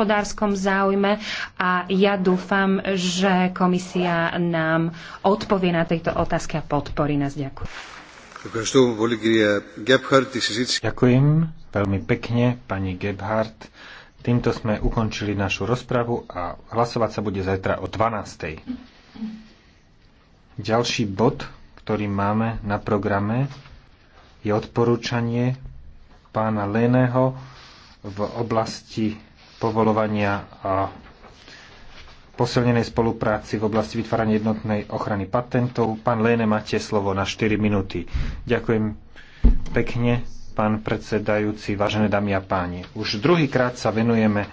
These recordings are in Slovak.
hospodárskom záujme a ja dúfam, že komisia nám odpovie na tejto otázky a podporí nás. Ďakujem. Ďakujem veľmi pekne, pani Gebhardt. Týmto sme ukončili našu rozpravu a hlasovať sa bude zajtra o 12. Ďalší bod, ktorý máme na programe, je odporúčanie pána Leného v oblasti povolovania a posilnenej spolupráci v oblasti vytvárania jednotnej ochrany patentov. Pán Léne, máte slovo na 4 minúty. Ďakujem pekne, pán predsedajúci, vážené dámy a páni. Už druhýkrát sa venujeme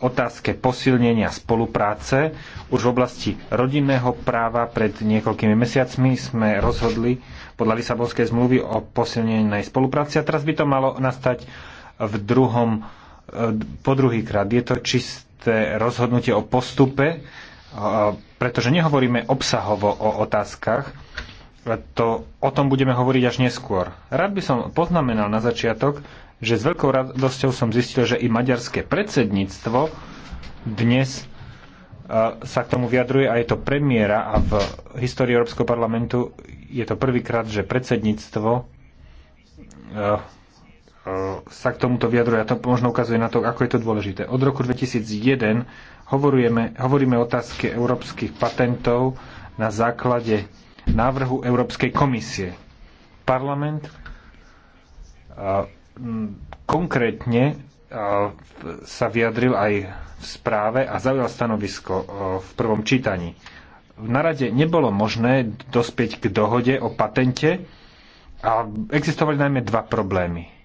otázke posilnenia spolupráce. Už v oblasti rodinného práva pred niekoľkými mesiacmi sme rozhodli podľa Lisabonskej zmluvy o posilnenej spolupráci a teraz by to malo nastať v druhom po druhýkrát. Je to čisté rozhodnutie o postupe, pretože nehovoríme obsahovo o otázkach, to, o tom budeme hovoriť až neskôr. Rád by som poznamenal na začiatok, že s veľkou radosťou som zistil, že i maďarské predsedníctvo dnes sa k tomu vyjadruje a je to premiéra a v histórii Európskeho parlamentu je to prvýkrát, že predsedníctvo E, sa k tomuto vyjadruje a to možno ukazuje na to, ako je to dôležité. Od roku 2001 hovoríme, hovoríme o otázke európskych patentov na základe návrhu Európskej komisie. Parlament e, konkrétne e, sa vyjadril aj v správe a zaujal stanovisko v prvom čítaní. Na rade nebolo možné dospieť k dohode o patente a existovali najmä dva problémy.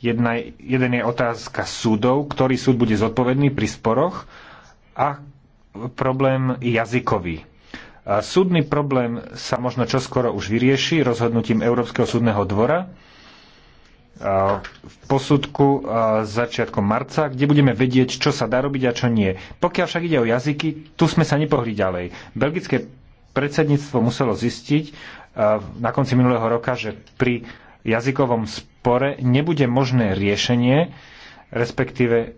Jedna, jeden je otázka súdov, ktorý súd bude zodpovedný pri sporoch a problém jazykový. A súdny problém sa možno čoskoro už vyrieši rozhodnutím Európskeho súdneho dvora v posudku začiatkom marca, kde budeme vedieť, čo sa dá robiť a čo nie. Pokiaľ však ide o jazyky, tu sme sa nepohli ďalej. Belgické predsedníctvo muselo zistiť na konci minulého roka, že pri jazykovom spore nebude možné riešenie, respektíve e,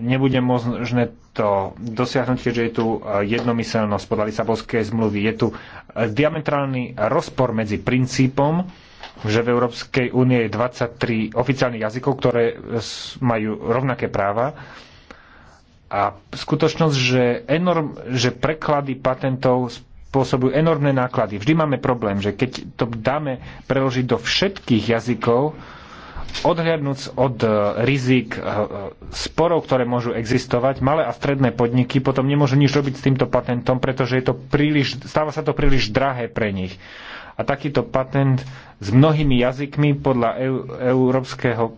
nebude možné to dosiahnuť, keďže je tu e, jednomyselnosť podľa Lisabonskej zmluvy. Je tu e, diametrálny rozpor medzi princípom, že v Európskej únie je 23 oficiálnych jazykov, ktoré majú rovnaké práva, a skutočnosť, že, enorm, že preklady patentov spôsobujú enormné náklady. Vždy máme problém, že keď to dáme preložiť do všetkých jazykov, odhľadnúc od e, rizik e, e, sporov, ktoré môžu existovať, malé a stredné podniky potom nemôžu nič robiť s týmto patentom, pretože je to príliš, stáva sa to príliš drahé pre nich. A takýto patent s mnohými jazykmi podľa EU, európskeho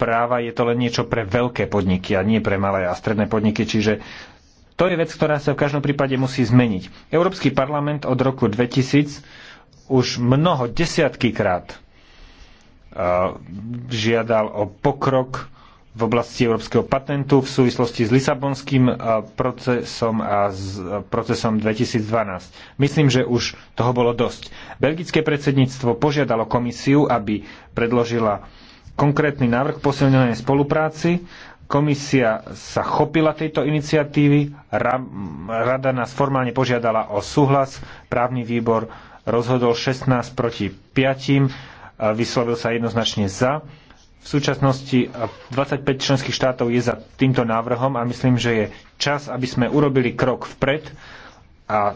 práva je to len niečo pre veľké podniky a nie pre malé a stredné podniky, čiže to je vec, ktorá sa v každom prípade musí zmeniť. Európsky parlament od roku 2000 už mnoho desiatky krát e, žiadal o pokrok v oblasti európskeho patentu v súvislosti s Lisabonským e, procesom a s e, procesom 2012. Myslím, že už toho bolo dosť. Belgické predsedníctvo požiadalo komisiu, aby predložila konkrétny návrh posilnenej spolupráci Komisia sa chopila tejto iniciatívy, rada nás formálne požiadala o súhlas, právny výbor rozhodol 16 proti 5, vyslovil sa jednoznačne za. V súčasnosti 25 členských štátov je za týmto návrhom a myslím, že je čas, aby sme urobili krok vpred a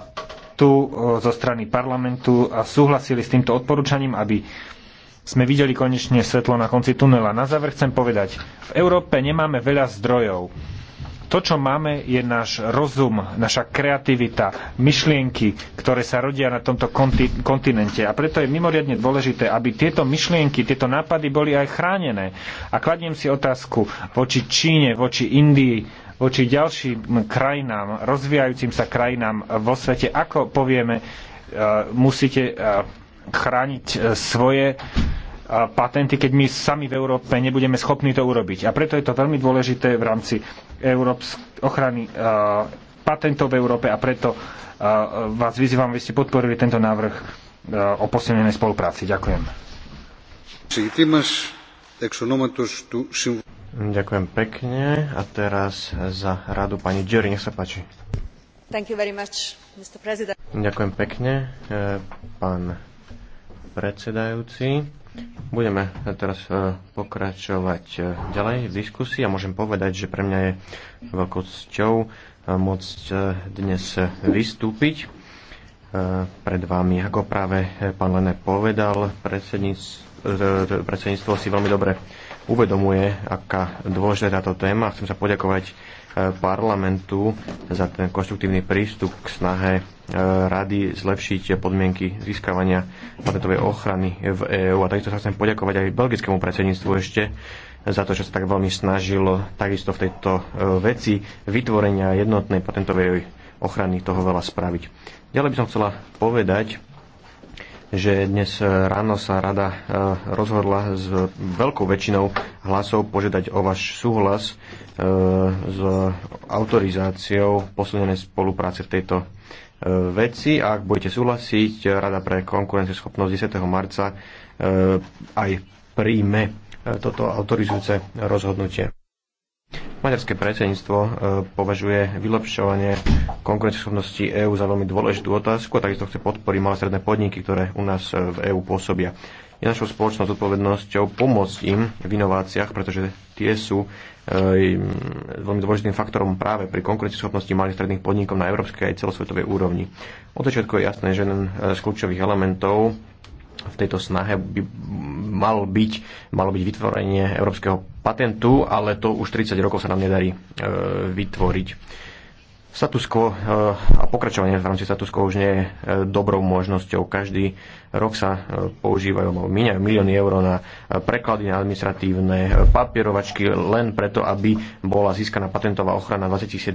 tu zo strany parlamentu súhlasili s týmto odporúčaním, aby sme videli konečne svetlo na konci tunela. Na záver chcem povedať, v Európe nemáme veľa zdrojov. To, čo máme, je náš rozum, naša kreativita, myšlienky, ktoré sa rodia na tomto konti- kontinente. A preto je mimoriadne dôležité, aby tieto myšlienky, tieto nápady boli aj chránené. A kladiem si otázku voči Číne, voči Indii, voči ďalším krajinám, rozvíjajúcim sa krajinám vo svete, ako povieme, e, musíte e, chrániť e, svoje e, patenty, keď my sami v Európe nebudeme schopní to urobiť. A preto je to veľmi dôležité v rámci ochrany e, patentov v Európe a preto vás vyzývam, aby ste podporili tento návrh o posilnenej spolupráci. Ďakujem. Ďakujem pekne. A teraz za radu pani Jerry, nech sa páči. Much, Ďakujem pekne, pán predsedajúci. Budeme teraz e, pokračovať e, ďalej v diskusii a môžem povedať, že pre mňa je veľkou cťou e, môcť dnes vystúpiť pred vami. Ako práve pán Lene povedal, predsedníctvo si veľmi dobre uvedomuje, aká dôležitá táto téma. Chcem sa poďakovať parlamentu za ten konštruktívny prístup k snahe E, rady zlepšiť podmienky získavania patentovej ochrany v EÚ. A takisto sa chcem poďakovať aj belgickému predsedníctvu ešte za to, že sa tak veľmi snažilo takisto v tejto e, veci vytvorenia jednotnej patentovej ochrany toho veľa spraviť. Ďalej by som chcela povedať, že dnes ráno sa rada e, rozhodla s veľkou väčšinou hlasov požiadať o váš súhlas s autorizáciou posilnenej spolupráce v tejto veci a ak budete súhlasiť, Rada pre konkurencieschopnosť 10. marca e, aj príjme e, toto autorizujúce rozhodnutie. Maďarské predsedníctvo e, považuje vylepšovanie konkurencieschopnosti EÚ za veľmi dôležitú otázku a takisto chce podporiť malé stredné podniky, ktoré u nás v EÚ pôsobia je našou spoločnou zodpovednosťou pomôcť im v inováciách, pretože tie sú eh, veľmi dôležitým faktorom práve pri konkurencieschopnosti malých stredných podnikov na európskej aj celosvetovej úrovni. Od začiatku je jasné, že jeden eh, z kľúčových elementov v tejto snahe by mal byť, malo byť vytvorenie európskeho patentu, ale to už 30 rokov sa nám nedarí e, vytvoriť. Status quo eh, a pokračovanie v rámci status quo už nie je eh, dobrou možnosťou. Každý rok sa eh, používajú alebo míňajú milióny eur na preklady, na administratívne papierovačky len preto, aby bola získaná patentová ochrana v 27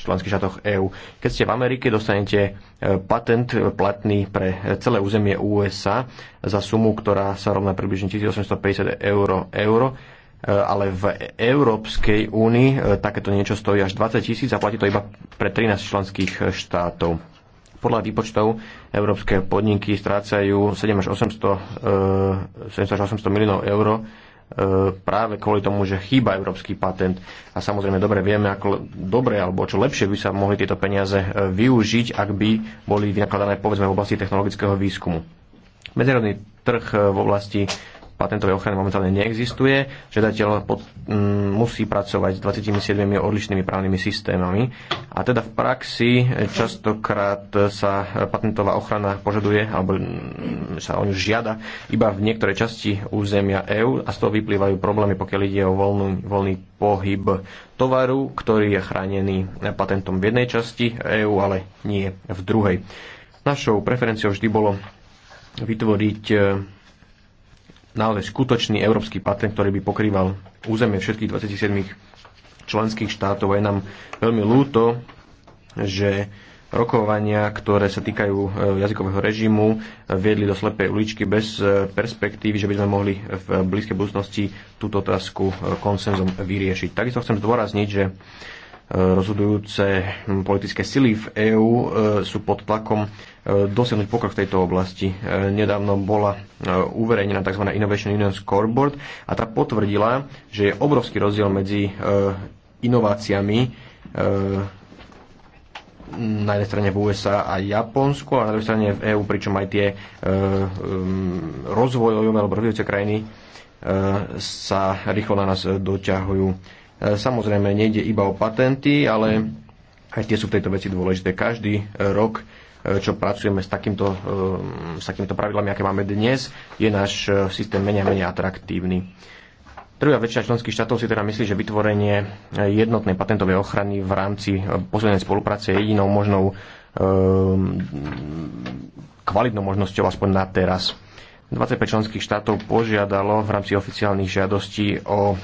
členských štátoch EÚ. Keď ste v Amerike, dostanete patent platný pre celé územie USA za sumu, ktorá sa rovná približne 1850 eur, euro E, ale v Európskej únii e, takéto niečo stojí až 20 tisíc a platí to iba pre 13 členských e, štátov. Podľa výpočtov európske podniky strácajú 7 až 800, 700, až 800 miliónov eur práve kvôli tomu, že chýba európsky patent. A samozrejme, dobre vieme, ako dobre alebo čo lepšie by sa mohli tieto peniaze využiť, ak by boli vynakladané povedzme v oblasti technologického výskumu. Medzinárodný trh v oblasti patentovej ochrany momentálne neexistuje. Žiadateľ pod, m, mm, musí pracovať s 27 odlišnými právnymi systémami. A teda v praxi častokrát sa patentová ochrana požaduje, alebo mm, sa o ňu žiada iba v niektorej časti územia EÚ a z toho vyplývajú problémy, pokiaľ ide o voľnú, voľný pohyb tovaru, ktorý je chránený patentom v jednej časti EÚ, ale nie v druhej. Našou preferenciou vždy bolo vytvoriť e, naozaj skutočný európsky patent, ktorý by pokrýval územie všetkých 27 členských štátov. A je nám veľmi ľúto, že rokovania, ktoré sa týkajú e, jazykového režimu, viedli do slepej uličky bez e, perspektívy, že by sme mohli v blízkej budúcnosti túto otázku e, konsenzom vyriešiť. Takisto chcem zdôrazniť, že rozhodujúce politické sily v EÚ e, sú pod tlakom e, dosiahnuť pokrok v tejto oblasti. E, nedávno bola uverejnená tzv. Innovation Union Scoreboard a tá potvrdila, že je obrovský rozdiel medzi inováciami na jednej strane v USA a Japonsku a na druhej strane v EÚ, pričom aj tie rozvojové alebo rozvojujúce krajiny sa rýchlo na nás doťahujú E, samozrejme, nejde iba o patenty, ale aj tie sú v tejto veci dôležité. Každý rok e, čo pracujeme s takýmto, e, s takýmto pravidlami, aké máme dnes, je náš systém menej a menej atraktívny. Druhá väčšina členských štátov si teda myslí, že vytvorenie jednotnej patentovej ochrany v rámci poslednej spolupráce je jedinou možnou kvalitnou možnosťou aspoň na teraz. 25 členských štátov požiadalo v rámci oficiálnych žiadostí o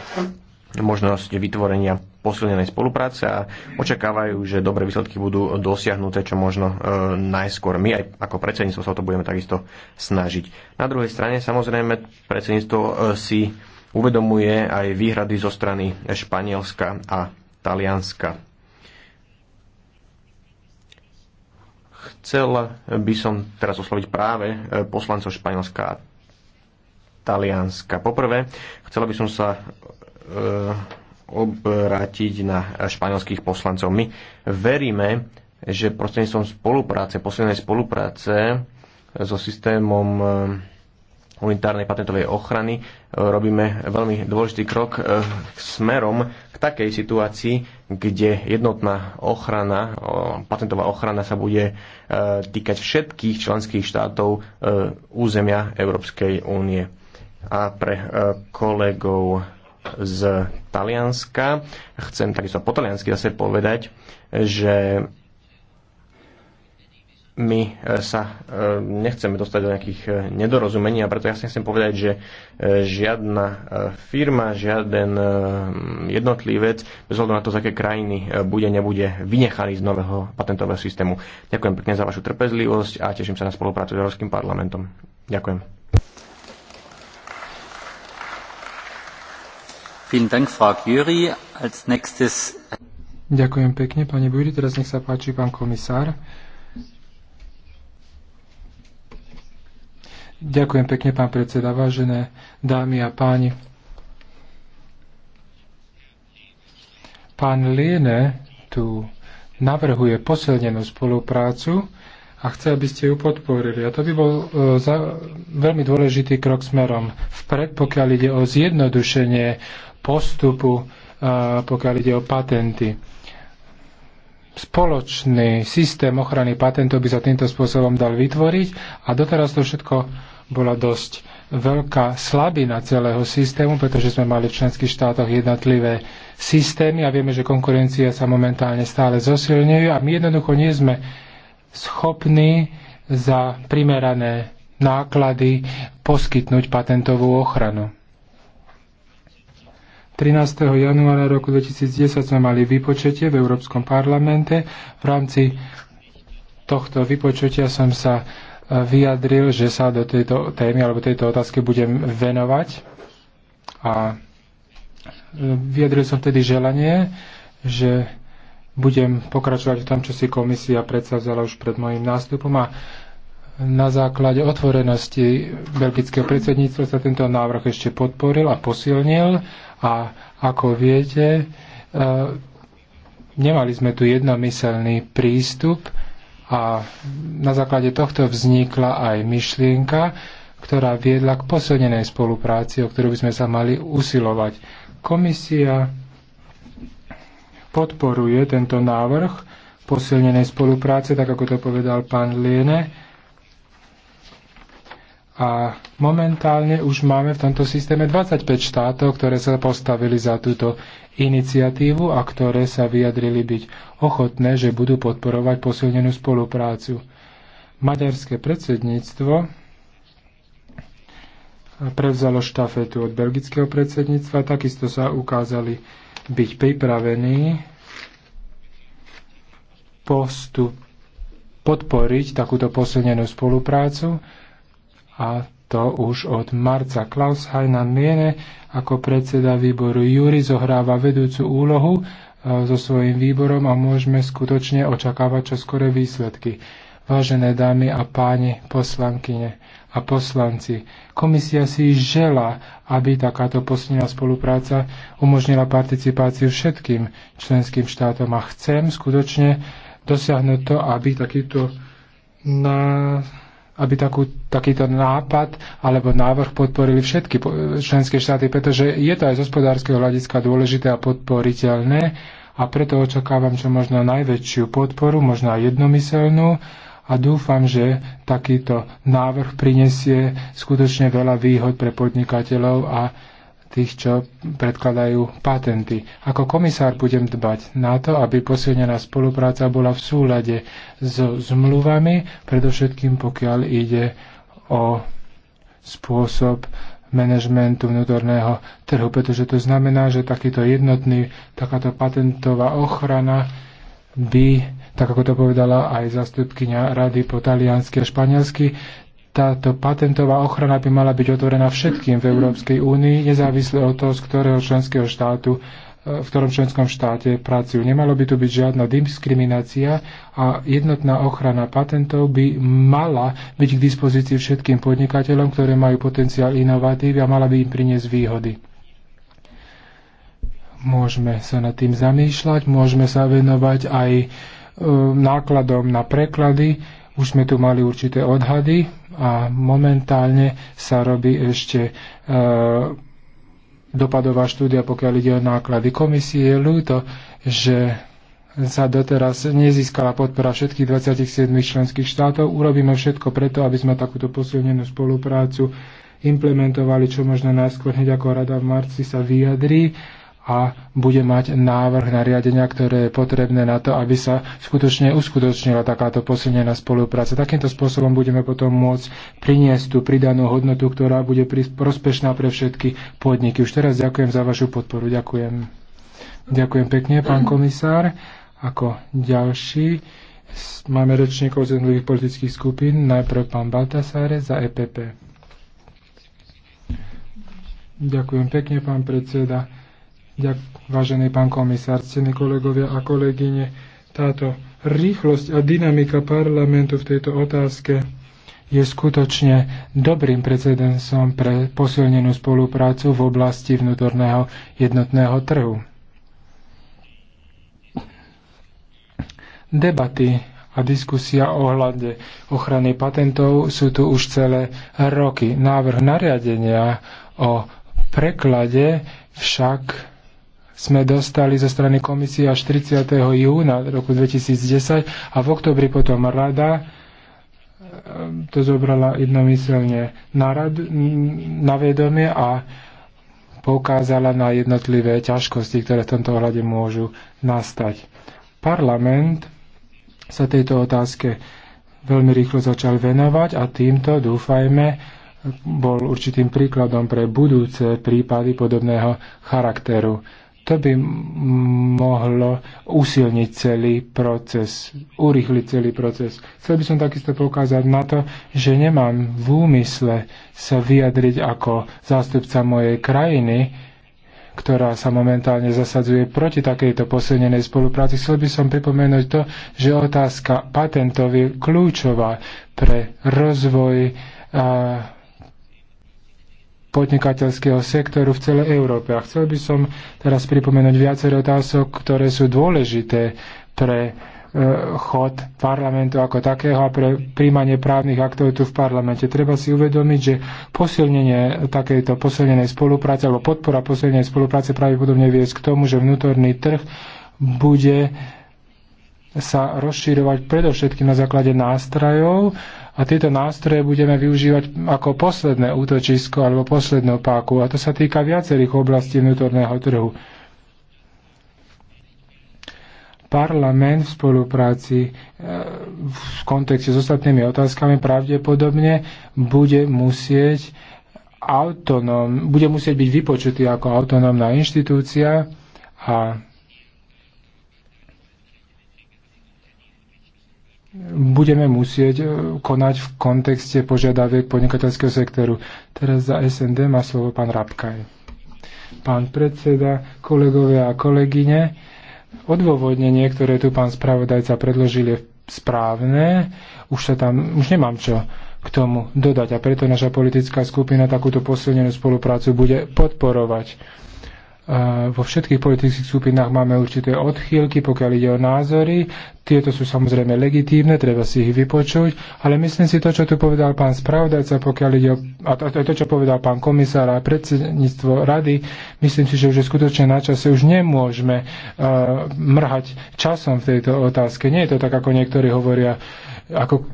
možnosť vytvorenia posilnenej spolupráce a očakávajú, že dobré výsledky budú dosiahnuté čo možno e, najskôr. My aj ako predsedníctvo sa o to budeme takisto snažiť. Na druhej strane samozrejme predsedníctvo e, si uvedomuje aj výhrady zo strany Španielska a Talianska. Chcel by som teraz osloviť práve e, poslancov Španielska a Talianska. Poprvé, chcela by som sa Eh, obrátiť na španielských poslancov. My veríme, že prostredníctvom spolupráce, poslednej spolupráce eh, so systémom eh, unitárnej patentovej ochrany robíme veľmi dôležitý krok k smerom k takej situácii, kde jednotná ochrana, patentová ochrana sa bude týkať všetkých členských štátov územia Európskej únie. A pre kolegov z Talianska. Chcem takisto po taliansky zase povedať, že my e, sa e, nechceme dostať do nejakých e, nedorozumení a preto ja si chcem povedať, že žiadna firma, žiaden jednotlivec, bez ohľadu na to, z aké krajiny bude, nebude vynechaný z nového patentového systému. Ďakujem pekne za vašu trpezlivosť a teším sa na spoluprácu s Európskym parlamentom. Ďakujem. Ďakujem pekne, pani Bujri. Teraz nech sa páči, pán komisár. Ďakujem pekne, pán predseda, vážené dámy a páni. Pán Liene tu navrhuje posilnenú spoluprácu a chce, aby ste ju podporili. A to by bol e, za, veľmi dôležitý krok smerom vpred, pokiaľ ide o zjednodušenie postupu, eh, pokiaľ ide o patenty. Spoločný systém ochrany patentov by sa týmto spôsobom dal vytvoriť a doteraz to všetko bola dosť veľká slabina celého systému, pretože sme mali v členských štátoch jednotlivé systémy a vieme, že konkurencia sa momentálne stále zosilňuje a my jednoducho nie sme schopní za primerané náklady poskytnúť patentovú ochranu. 13. januára roku 2010 sme mali vypočetie v Európskom parlamente. V rámci tohto vypočutia som sa e, vyjadril, že sa do tejto témy alebo tejto otázky budem venovať. A e, vyjadril som tedy želanie, že budem pokračovať v tom, čo si komisia predstavzala už pred mojim nástupom a na základe otvorenosti belgického predsedníctva sa tento návrh ešte podporil a posilnil a ako viete, e, nemali sme tu jednomyselný prístup a na základe tohto vznikla aj myšlienka, ktorá viedla k posilnenej spolupráci, o ktorú by sme sa mali usilovať. Komisia podporuje tento návrh posilnenej spolupráce, tak ako to povedal pán Liene a momentálne už máme v tomto systéme 25 štátov, ktoré sa postavili za túto iniciatívu a ktoré sa vyjadrili byť ochotné, že budú podporovať posilnenú spoluprácu. Maďarské predsedníctvo prevzalo štafetu od belgického predsedníctva, takisto sa ukázali byť pripravení postup podporiť takúto posilnenú spoluprácu a to už od marca. Klaus Heiner Miene ako predseda výboru Júri zohráva vedúcu úlohu e, so svojím výborom a môžeme skutočne očakávať čoskore výsledky. Vážené dámy a páni poslankyne a poslanci, komisia si žela, aby takáto posilnená spolupráca umožnila participáciu všetkým členským štátom a chcem skutočne dosiahnuť to, aby takýto na aby takú, takýto nápad alebo návrh podporili všetky členské štáty, pretože je to aj z hospodárskeho hľadiska dôležité a podporiteľné a preto očakávam čo možno najväčšiu podporu, možno aj jednomyselnú a dúfam, že takýto návrh prinesie skutočne veľa výhod pre podnikateľov a tých, čo predkladajú patenty. Ako komisár budem dbať na to, aby posilnená spolupráca bola v súlade so zmluvami, predovšetkým pokiaľ ide o spôsob manažmentu vnútorného trhu, pretože to znamená, že takýto jednotný, takáto patentová ochrana by, tak ako to povedala aj zastupkynia rady po taliansky a španielsky, táto patentová ochrana by mala byť otvorená všetkým v Európskej únii, nezávisle od toho, z ktorého členského štátu e, v ktorom členskom štáte pracujú. Nemalo by tu byť žiadna diskriminácia a jednotná ochrana patentov by mala byť k dispozícii všetkým podnikateľom, ktoré majú potenciál inovatív a mala by im priniesť výhody. Môžeme sa nad tým zamýšľať, môžeme sa venovať aj e, nákladom na preklady, už sme tu mali určité odhady a momentálne sa robí ešte e, dopadová štúdia, pokiaľ ide o náklady. Komisie je ľúto, že sa doteraz nezískala podpora všetkých 27 členských štátov. Urobíme všetko preto, aby sme takúto posilnenú spoluprácu implementovali čo možno najskôr, hneď ako rada v marci sa vyjadrí a bude mať návrh nariadenia, ktoré je potrebné na to, aby sa skutočne uskutočnila takáto posilnená spolupráca. Takýmto spôsobom budeme potom môcť priniesť tú pridanú hodnotu, ktorá bude prospešná pre všetky podniky. Už teraz ďakujem za vašu podporu. Ďakujem. Ďakujem pekne, pán komisár. Ako ďalší máme rečníkov z jednotlivých politických skupín. Najprv pán Baltasáre za EPP. Ďakujem pekne, pán predseda Ďakujem, vážený pán komisár, ctení kolegovia a kolegyne. Táto rýchlosť a dynamika parlamentu v tejto otázke je skutočne dobrým precedensom pre posilnenú spoluprácu v oblasti vnútorného jednotného trhu. Debaty a diskusia o ohľade ochrany patentov sú tu už celé roky. Návrh nariadenia o preklade však sme dostali zo strany komisie až 30. júna roku 2010 a v oktobri potom rada e, to zobrala jednomyselne na, rad, na vedomie a poukázala na jednotlivé ťažkosti, ktoré v tomto ohľade môžu nastať. Parlament sa tejto otázke veľmi rýchlo začal venovať a týmto, dúfajme, bol určitým príkladom pre budúce prípady podobného charakteru. To by mohlo usilniť celý proces, urýchliť celý proces. Chcel by som takisto poukázať na to, že nemám v úmysle sa vyjadriť ako zástupca mojej krajiny, ktorá sa momentálne zasadzuje proti takejto posilnenej spolupráci. Chcel by som pripomenúť to, že otázka patentov je kľúčová pre rozvoj uh, podnikateľského sektoru v celej Európe. A chcel by som teraz pripomenúť viacero otázok, ktoré sú dôležité pre e, chod parlamentu ako takého a pre príjmanie právnych aktov tu v parlamente. Treba si uvedomiť, že posilnenie takejto posilnenej spolupráce alebo podpora posilnenej spolupráce pravdepodobne viesť k tomu, že vnútorný trh bude sa rozširovať predovšetkým na základe nástrojov a tieto nástroje budeme využívať ako posledné útočisko alebo poslednú páku a to sa týka viacerých oblastí vnútorného trhu. Parlament v spolupráci e, v kontexte s ostatnými otázkami pravdepodobne bude musieť autonóm, bude musieť byť vypočutý ako autonómna inštitúcia a budeme musieť e, konať v kontexte požiadaviek podnikateľského sektoru. Teraz za SND má slovo pán Rabkaj. Pán predseda, kolegovia a kolegyne, odôvodnenie, ktoré tu pán spravodajca predložil, je správne. Už, sa tam, už nemám čo k tomu dodať a preto naša politická skupina takúto posilnenú spoluprácu bude podporovať vo všetkých politických skupinách máme určité odchýlky, pokiaľ ide o názory. Tieto sú samozrejme legitímne, treba si ich vypočuť, ale myslím si to, čo tu povedal pán spravodajca, pokiaľ ide o, a to, to, čo povedal pán komisár a predsedníctvo rady, myslím si, že už je skutočne na čase, už nemôžeme uh, mrhať časom v tejto otázke. Nie je to tak, ako niektorí hovoria, ako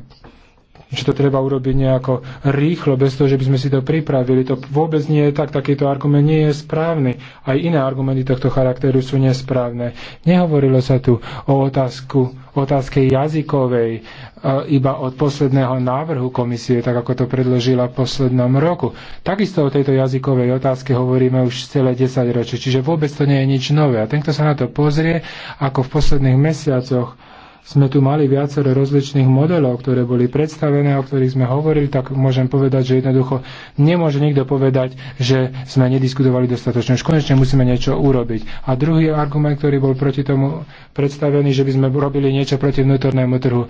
že to treba urobiť nejako rýchlo, bez toho, že by sme si to pripravili. To vôbec nie je tak, takýto argument nie je správny. Aj iné argumenty tohto charakteru sú nesprávne. Nehovorilo sa tu o otázku, otázke jazykovej, e, iba od posledného návrhu komisie, tak ako to predložila v poslednom roku. Takisto o tejto jazykovej otázke hovoríme už celé 10 ročie, čiže vôbec to nie je nič nové. A ten, kto sa na to pozrie, ako v posledných mesiacoch sme tu mali viacero rozličných modelov, ktoré boli predstavené, o ktorých sme hovorili, tak môžem povedať, že jednoducho nemôže nikto povedať, že sme nediskutovali dostatočne. Už konečne musíme niečo urobiť. A druhý argument, ktorý bol proti tomu predstavený, že by sme robili niečo proti vnútornému trhu.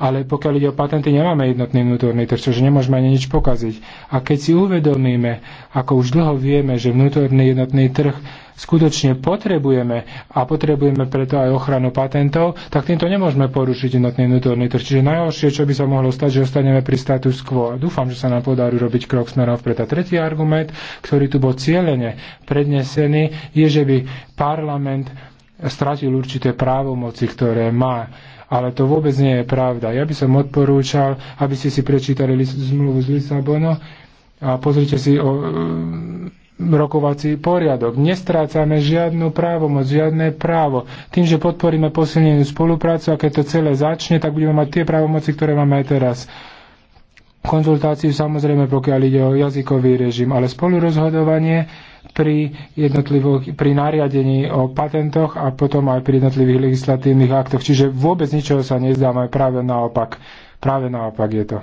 Ale pokiaľ ide o patenty, nemáme jednotný vnútorný trh, čože nemôžeme ani nič pokaziť. A keď si uvedomíme, ako už dlho vieme, že vnútorný jednotný trh skutočne potrebujeme a potrebujeme preto aj ochranu patentov, tak týmto nemôžeme porušiť jednotný vnútorný trh. Čiže najhoršie, čo by sa mohlo stať, že ostaneme pri status quo. Dúfam, že sa nám podarí robiť krok smerom vpred. A tretí argument, ktorý tu bol cieľene prednesený, je, že by parlament stratil určité právomoci, ktoré má ale to vôbec nie je pravda. Ja by som odporúčal, aby ste si prečítali zmluvu z Lisabonu a pozrite si o, mm, rokovací poriadok. Nestrácame žiadnu právomoc, žiadne právo. Tým, že podporíme posilnenú spoluprácu a keď to celé začne, tak budeme mať tie právomoci, ktoré máme aj teraz konzultáciu samozrejme, pokiaľ ide o jazykový režim, ale spolurozhodovanie pri, pri nariadení o patentoch a potom aj pri jednotlivých legislatívnych aktoch. Čiže vôbec ničoho sa nezdáme, práve naopak. Práve naopak je to.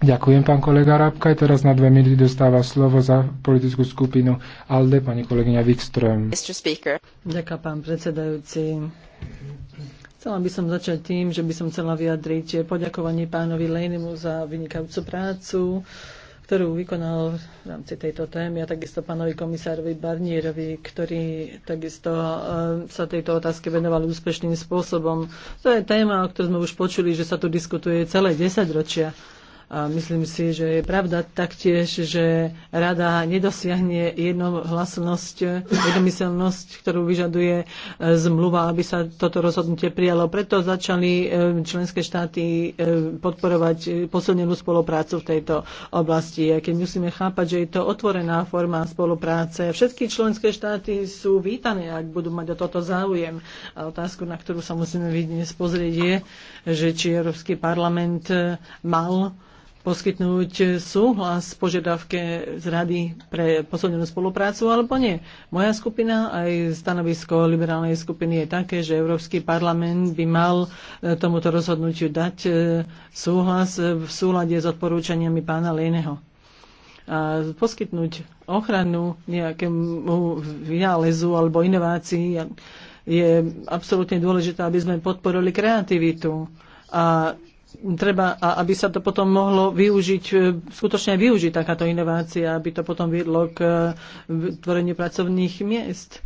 Ďakujem, pán kolega Rabkaj. Teraz na dve minúty dostáva slovo za politickú skupinu ALDE pani kolegyňa Wikström. Ďakujem, pán predsedajúci. Chcela by som začať tým, že by som chcela vyjadriť poďakovanie pánovi Lejnemu za vynikajúcu prácu, ktorú vykonal v rámci tejto témy a takisto pánovi komisárovi Barnierovi, ktorý takisto eh, sa tejto otázke venoval úspešným spôsobom. To je téma, o ktorej sme už počuli, že sa tu diskutuje celé desaťročia. ročia a myslím si, že je pravda taktiež, že rada nedosiahne jednohlasnosť, jednomyselnosť, ktorú vyžaduje e, zmluva, aby sa toto rozhodnutie prijalo. Preto začali e, členské štáty e, podporovať posilnenú spoluprácu v tejto oblasti. A keď musíme chápať, že je to otvorená forma spolupráce, všetky členské štáty sú vítané, ak budú mať o toto záujem. A otázku, na ktorú sa musíme dnes pozrieť, je, že či Európsky parlament mal poskytnúť súhlas požiadavke z Rady pre poslednú spoluprácu alebo nie. Moja skupina aj stanovisko liberálnej skupiny je také, že Európsky parlament by mal e, tomuto rozhodnutiu dať e, súhlas v súlade s odporúčaniami pána Lejného. A poskytnúť ochranu nejakému vynálezu alebo inovácii je absolútne dôležité, aby sme podporili kreativitu. A treba, aby sa to potom mohlo využiť, e, skutočne využiť takáto inovácia, aby to potom viedlo k e, tvoreniu pracovných miest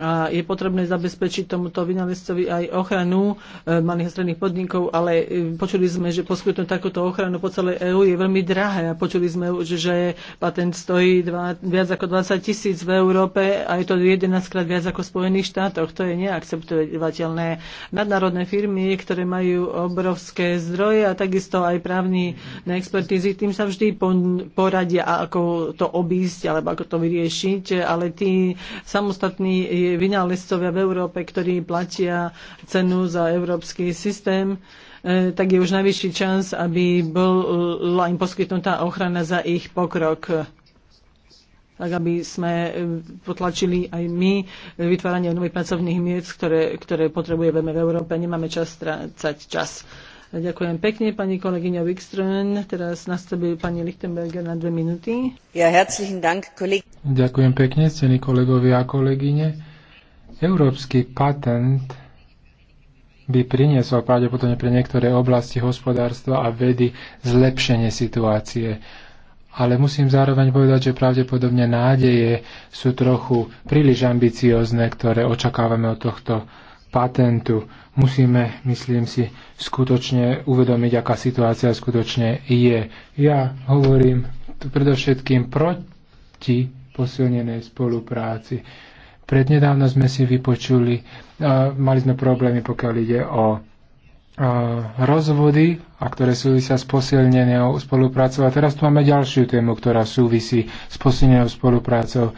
a je potrebné zabezpečiť tomuto vynálezcovi aj ochranu e, malých a stredných podnikov, ale e, počuli sme, že poskytnúť takúto ochranu po celej EÚ je veľmi drahé a počuli sme, že patent stojí dva, viac ako 20 tisíc v Európe a je to 11 krát viac ako v Spojených štátoch. To je neakceptovateľné. Nadnárodné firmy, ktoré majú obrovské zdroje a takisto aj právni na expertízy, tým sa vždy poradia, ako to obísť alebo ako to vyriešiť, ale tí samostatní vynálezcovia v Európe, ktorí platia cenu za európsky systém e, tak je už najvyšší čas, aby bola im poskytnutá ochrana za ich pokrok tak aby sme e, potlačili aj my vytváranie nových pracovných miest, ktoré, ktoré potrebujeme v Európe. Nemáme čas strácať čas. Ďakujem pekne, pani kolegyňa Wikström. Teraz nastavuje pani Lichtenberger na dve minúty. Ja herzlichen Dank, kolegy. Ďakujem pekne, cení kolegovia a kolegyne. Európsky patent by priniesol pravdepodobne pre niektoré oblasti hospodárstva a vedy zlepšenie situácie. Ale musím zároveň povedať, že pravdepodobne nádeje sú trochu príliš ambiciozne, ktoré očakávame od tohto patentu. Musíme, myslím si, skutočne uvedomiť, aká situácia skutočne je. Ja hovorím tu predovšetkým proti posilnenej spolupráci. Prednedávno sme si vypočuli, uh, mali sme problémy, pokiaľ ide o rozvody, a ktoré súvisia s posilnenou spoluprácou. A teraz tu máme ďalšiu tému, ktorá súvisí s posilnenou spoluprácou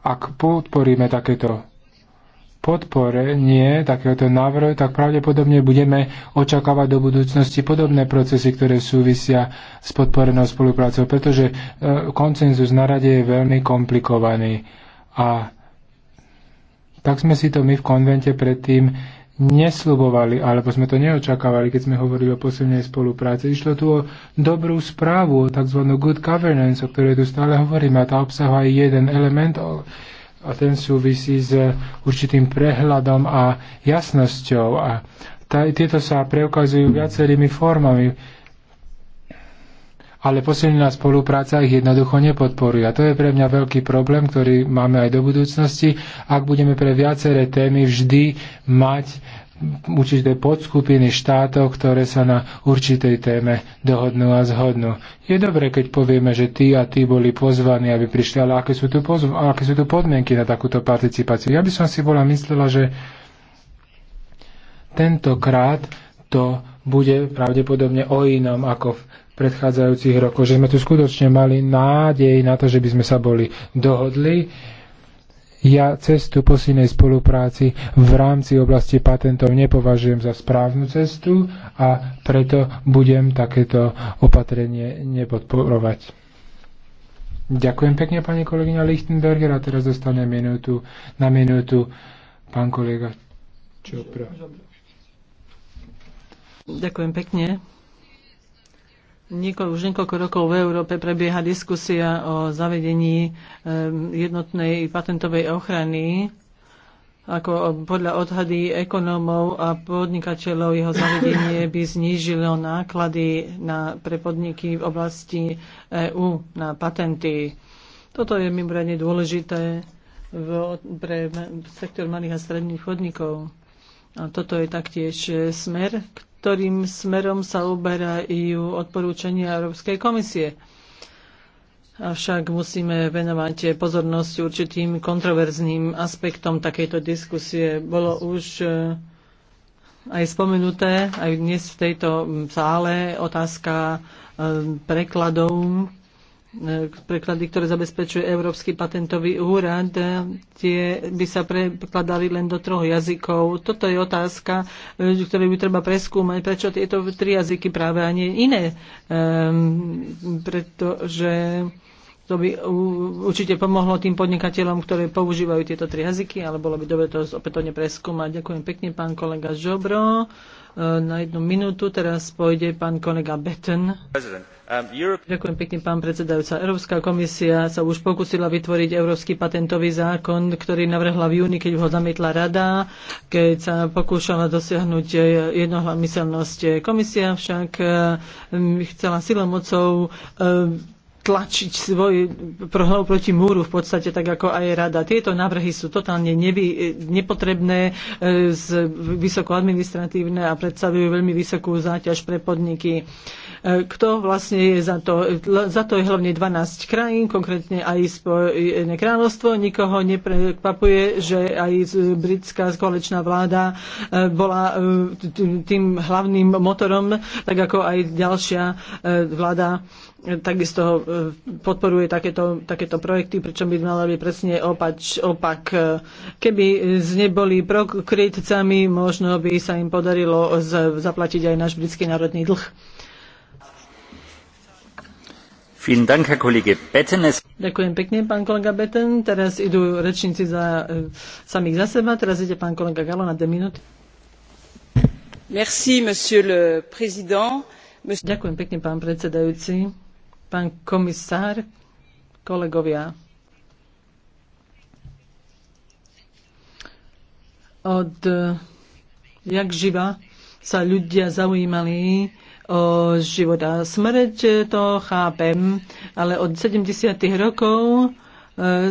ak podporíme takéto podporenie takéhoto návrhu, tak pravdepodobne budeme očakávať do budúcnosti podobné procesy, ktoré súvisia s podporenou spoluprácou, pretože e, koncenzus na rade je veľmi komplikovaný. A tak sme si to my v konvente predtým nesľubovali, alebo sme to neočakávali, keď sme hovorili o posilnej spolupráci. Išlo tu o dobrú správu, o tzv. good governance, o ktorej tu stále hovoríme, a tá obsahuje jeden element a ten súvisí s eh, určitým prehľadom a jasnosťou. A tieto sa preukazujú viacerými formami ale posilnená spolupráca ich jednoducho nepodporuje. A to je pre mňa veľký problém, ktorý máme aj do budúcnosti, ak budeme pre viaceré témy vždy mať určité podskupiny štátov, ktoré sa na určitej téme dohodnú a zhodnú. Je dobre, keď povieme, že tí a tí boli pozvaní, aby prišli, ale aké sú tu, pozv- aké sú tu podmienky na takúto participáciu? Ja by som si bola myslela, že tentokrát to bude pravdepodobne o inom ako v predchádzajúcich rokov, že sme tu skutočne mali nádej na to, že by sme sa boli dohodli. Ja cestu posilnej spolupráci v rámci oblasti patentov nepovažujem za správnu cestu a preto budem takéto opatrenie nepodporovať. Ďakujem pekne, pani kolegyňa Lichtenberger. A teraz dostane minútu, na minútu pán kolega Čopra. Ďakujem pekne. Nieko, už niekoľko rokov v Európe prebieha diskusia o zavedení jednotnej patentovej ochrany. Ako podľa odhady ekonómov a podnikateľov jeho zavedenie by znížilo náklady na, pre podniky v oblasti EÚ na patenty. Toto je mimoriadne dôležité v, pre sektor malých a stredných podnikov. A toto je taktiež e, smer, ktorým smerom sa uberajú odporúčania Európskej komisie. Avšak musíme venovať pozornosť určitým kontroverzným aspektom takejto diskusie. Bolo už e, aj spomenuté, aj dnes v tejto sále, otázka e, prekladov E, preklady, ktoré zabezpečuje Európsky patentový úrad, e, tie by sa prekladali len do troch jazykov. Toto je otázka, e, ktorú by treba preskúmať, prečo tieto tri jazyky práve a nie iné. Um, pretože to by určite pomohlo tým podnikateľom, ktorí používajú tieto tri jazyky, ale bolo by dobre to opätovne preskúmať. Ďakujem pekne, pán kolega Žobro. E, na jednu minútu teraz pôjde pán kolega Betten. Um, Ďakujem pekne, pán predsedajúca. Európska komisia sa už pokusila vytvoriť Európsky patentový zákon, ktorý navrhla v júni, keď ho zamietla rada, keď sa pokúšala dosiahnuť jednohlamyselnosť. Komisia však e, chcela silou mocou e, tlačiť svoj prohlav proti múru v podstate, tak ako aj rada. Tieto návrhy sú totálne nevy, nepotrebné, e, z, vysoko administratívne a predstavujú veľmi vysokú záťaž pre podniky. E, kto vlastne je za to? Za to je hlavne 12 krajín, konkrétne aj Spojené kráľovstvo. Nikoho neprekvapuje, že aj britská skolečná vláda e, bola tým hlavným motorom, tak ako aj ďalšia vláda takisto e, podporuje takéto, takéto projekty, pričom by mala byť presne opač, opak. E, keby neboli prokrytcami, možno by sa im podarilo zaplatiť aj náš britský národný dlh. Ďakujem pekne, pán kolega Betten. Teraz idú rečníci za, e, samých za seba. Teraz ide pán kolega Galo na 2 minúty. Merci, monsieur le président. Ďakujem pekne, pán predsedajúci pán komisár, kolegovia. Od jak živa sa ľudia zaujímali o život a smrť, to chápem, ale od 70. rokov e,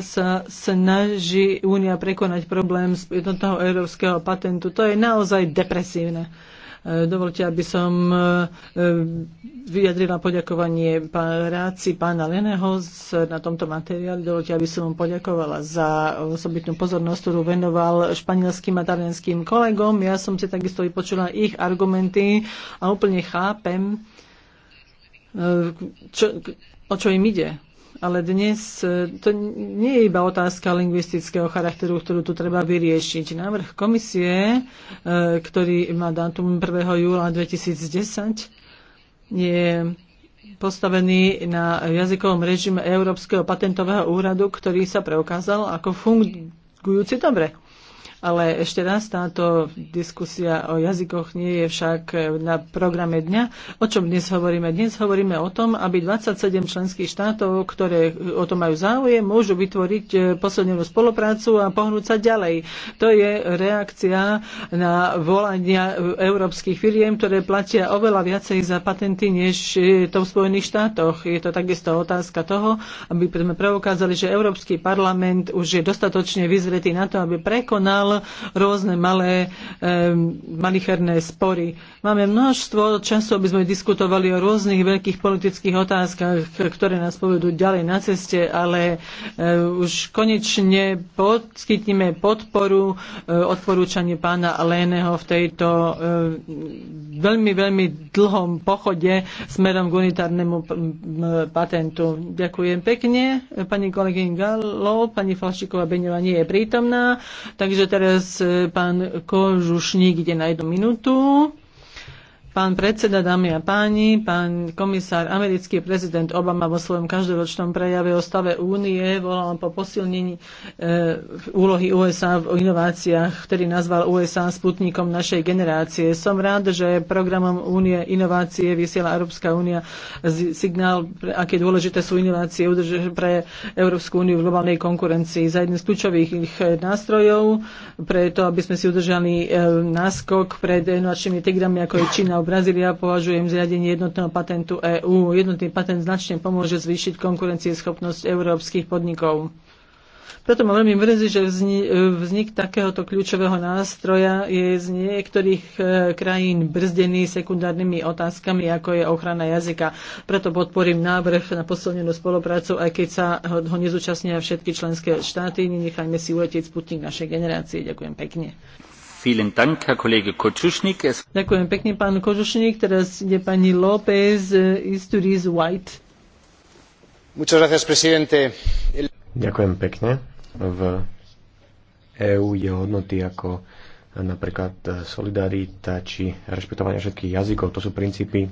sa snaží Únia prekonať problém z jednotného európskeho patentu. To je naozaj depresívne. E, dovolte, aby som e, e, vyjadrila poďakovanie práci pána Leného na tomto materiáli. Dovolte, aby som mu poďakovala za osobitnú pozornosť, ktorú venoval španielským a talianským kolegom. Ja som si takisto vypočula ich argumenty a úplne chápem, čo, o čo im ide ale dnes e, to nie je iba otázka lingvistického charakteru, ktorú tu treba vyriešiť. Návrh komisie, e, ktorý má dátum 1. júla 2010, je postavený na jazykovom režime Európskeho patentového úradu, ktorý sa preukázal ako fungujúci dobre ale ešte raz táto diskusia o jazykoch nie je však e, na programe dňa. O čom dnes hovoríme? Dnes hovoríme o tom, aby 27 členských štátov, ktoré e, o to majú záujem, môžu vytvoriť e, poslednú spoluprácu a pohnúť sa ďalej. To je reakcia na volania európskych firiem, ktoré platia oveľa viacej za patenty, než to v Spojených štátoch. Je to takisto otázka toho, aby sme preukázali, že Európsky parlament už je dostatočne vyzretý na to, aby prekonal mal rôzne malé um, malicherné spory. Máme množstvo času, aby sme diskutovali o rôznych veľkých politických otázkach, ktoré nás povedú ďalej na ceste, ale eh, už konečne poskytnime podporu um, odporúčanie pána Léneho v tejto eh, veľmi, veľmi dlhom pochode smerom k unitárnemu patentu. Ďakujem pekne. Pani kolegyň Galo, pani Falšiková Beňová nie je prítomná, takže teraz teraz e, pán Kožušník ide na jednu minútu. Pán predseda, dámy a páni, pán komisár, americký prezident Obama vo svojom každoročnom prejave o stave únie volal po posilnení e, úlohy USA v inováciách, ktorý nazval USA sputníkom našej generácie. Som rád, že programom únie inovácie vysiela Európska únia signál, pre, aké dôležité sú inovácie pre Európsku úniu v globálnej konkurencii. Za jeden z kľúčových ich eh, nástrojov, preto aby sme si udržali e, náskok pred inovačnými tigrami, ako je Čína, Čína a Brazília považujem zriadenie jednotného patentu EÚ. Jednotný patent značne pomôže zvýšiť konkurencieschopnosť európskych podnikov. Preto ma veľmi mrzí, že vznik takéhoto kľúčového nástroja je z niektorých e, krajín brzdený sekundárnymi otázkami, ako je ochrana jazyka. Preto podporím návrh na posilnenú spoluprácu, aj keď sa ho nezúčastnia všetky členské štáty. Nenechajme si uletieť sputnik našej generácie. Ďakujem pekne. Ďakujem pekne, pán Kožušník. Teraz ide pani López eh, Isturiz White. Ďakujem pekne. V EÚ je hodnoty ako napríklad eh, solidarita či rešpektovanie všetkých jazykov. To sú princípy,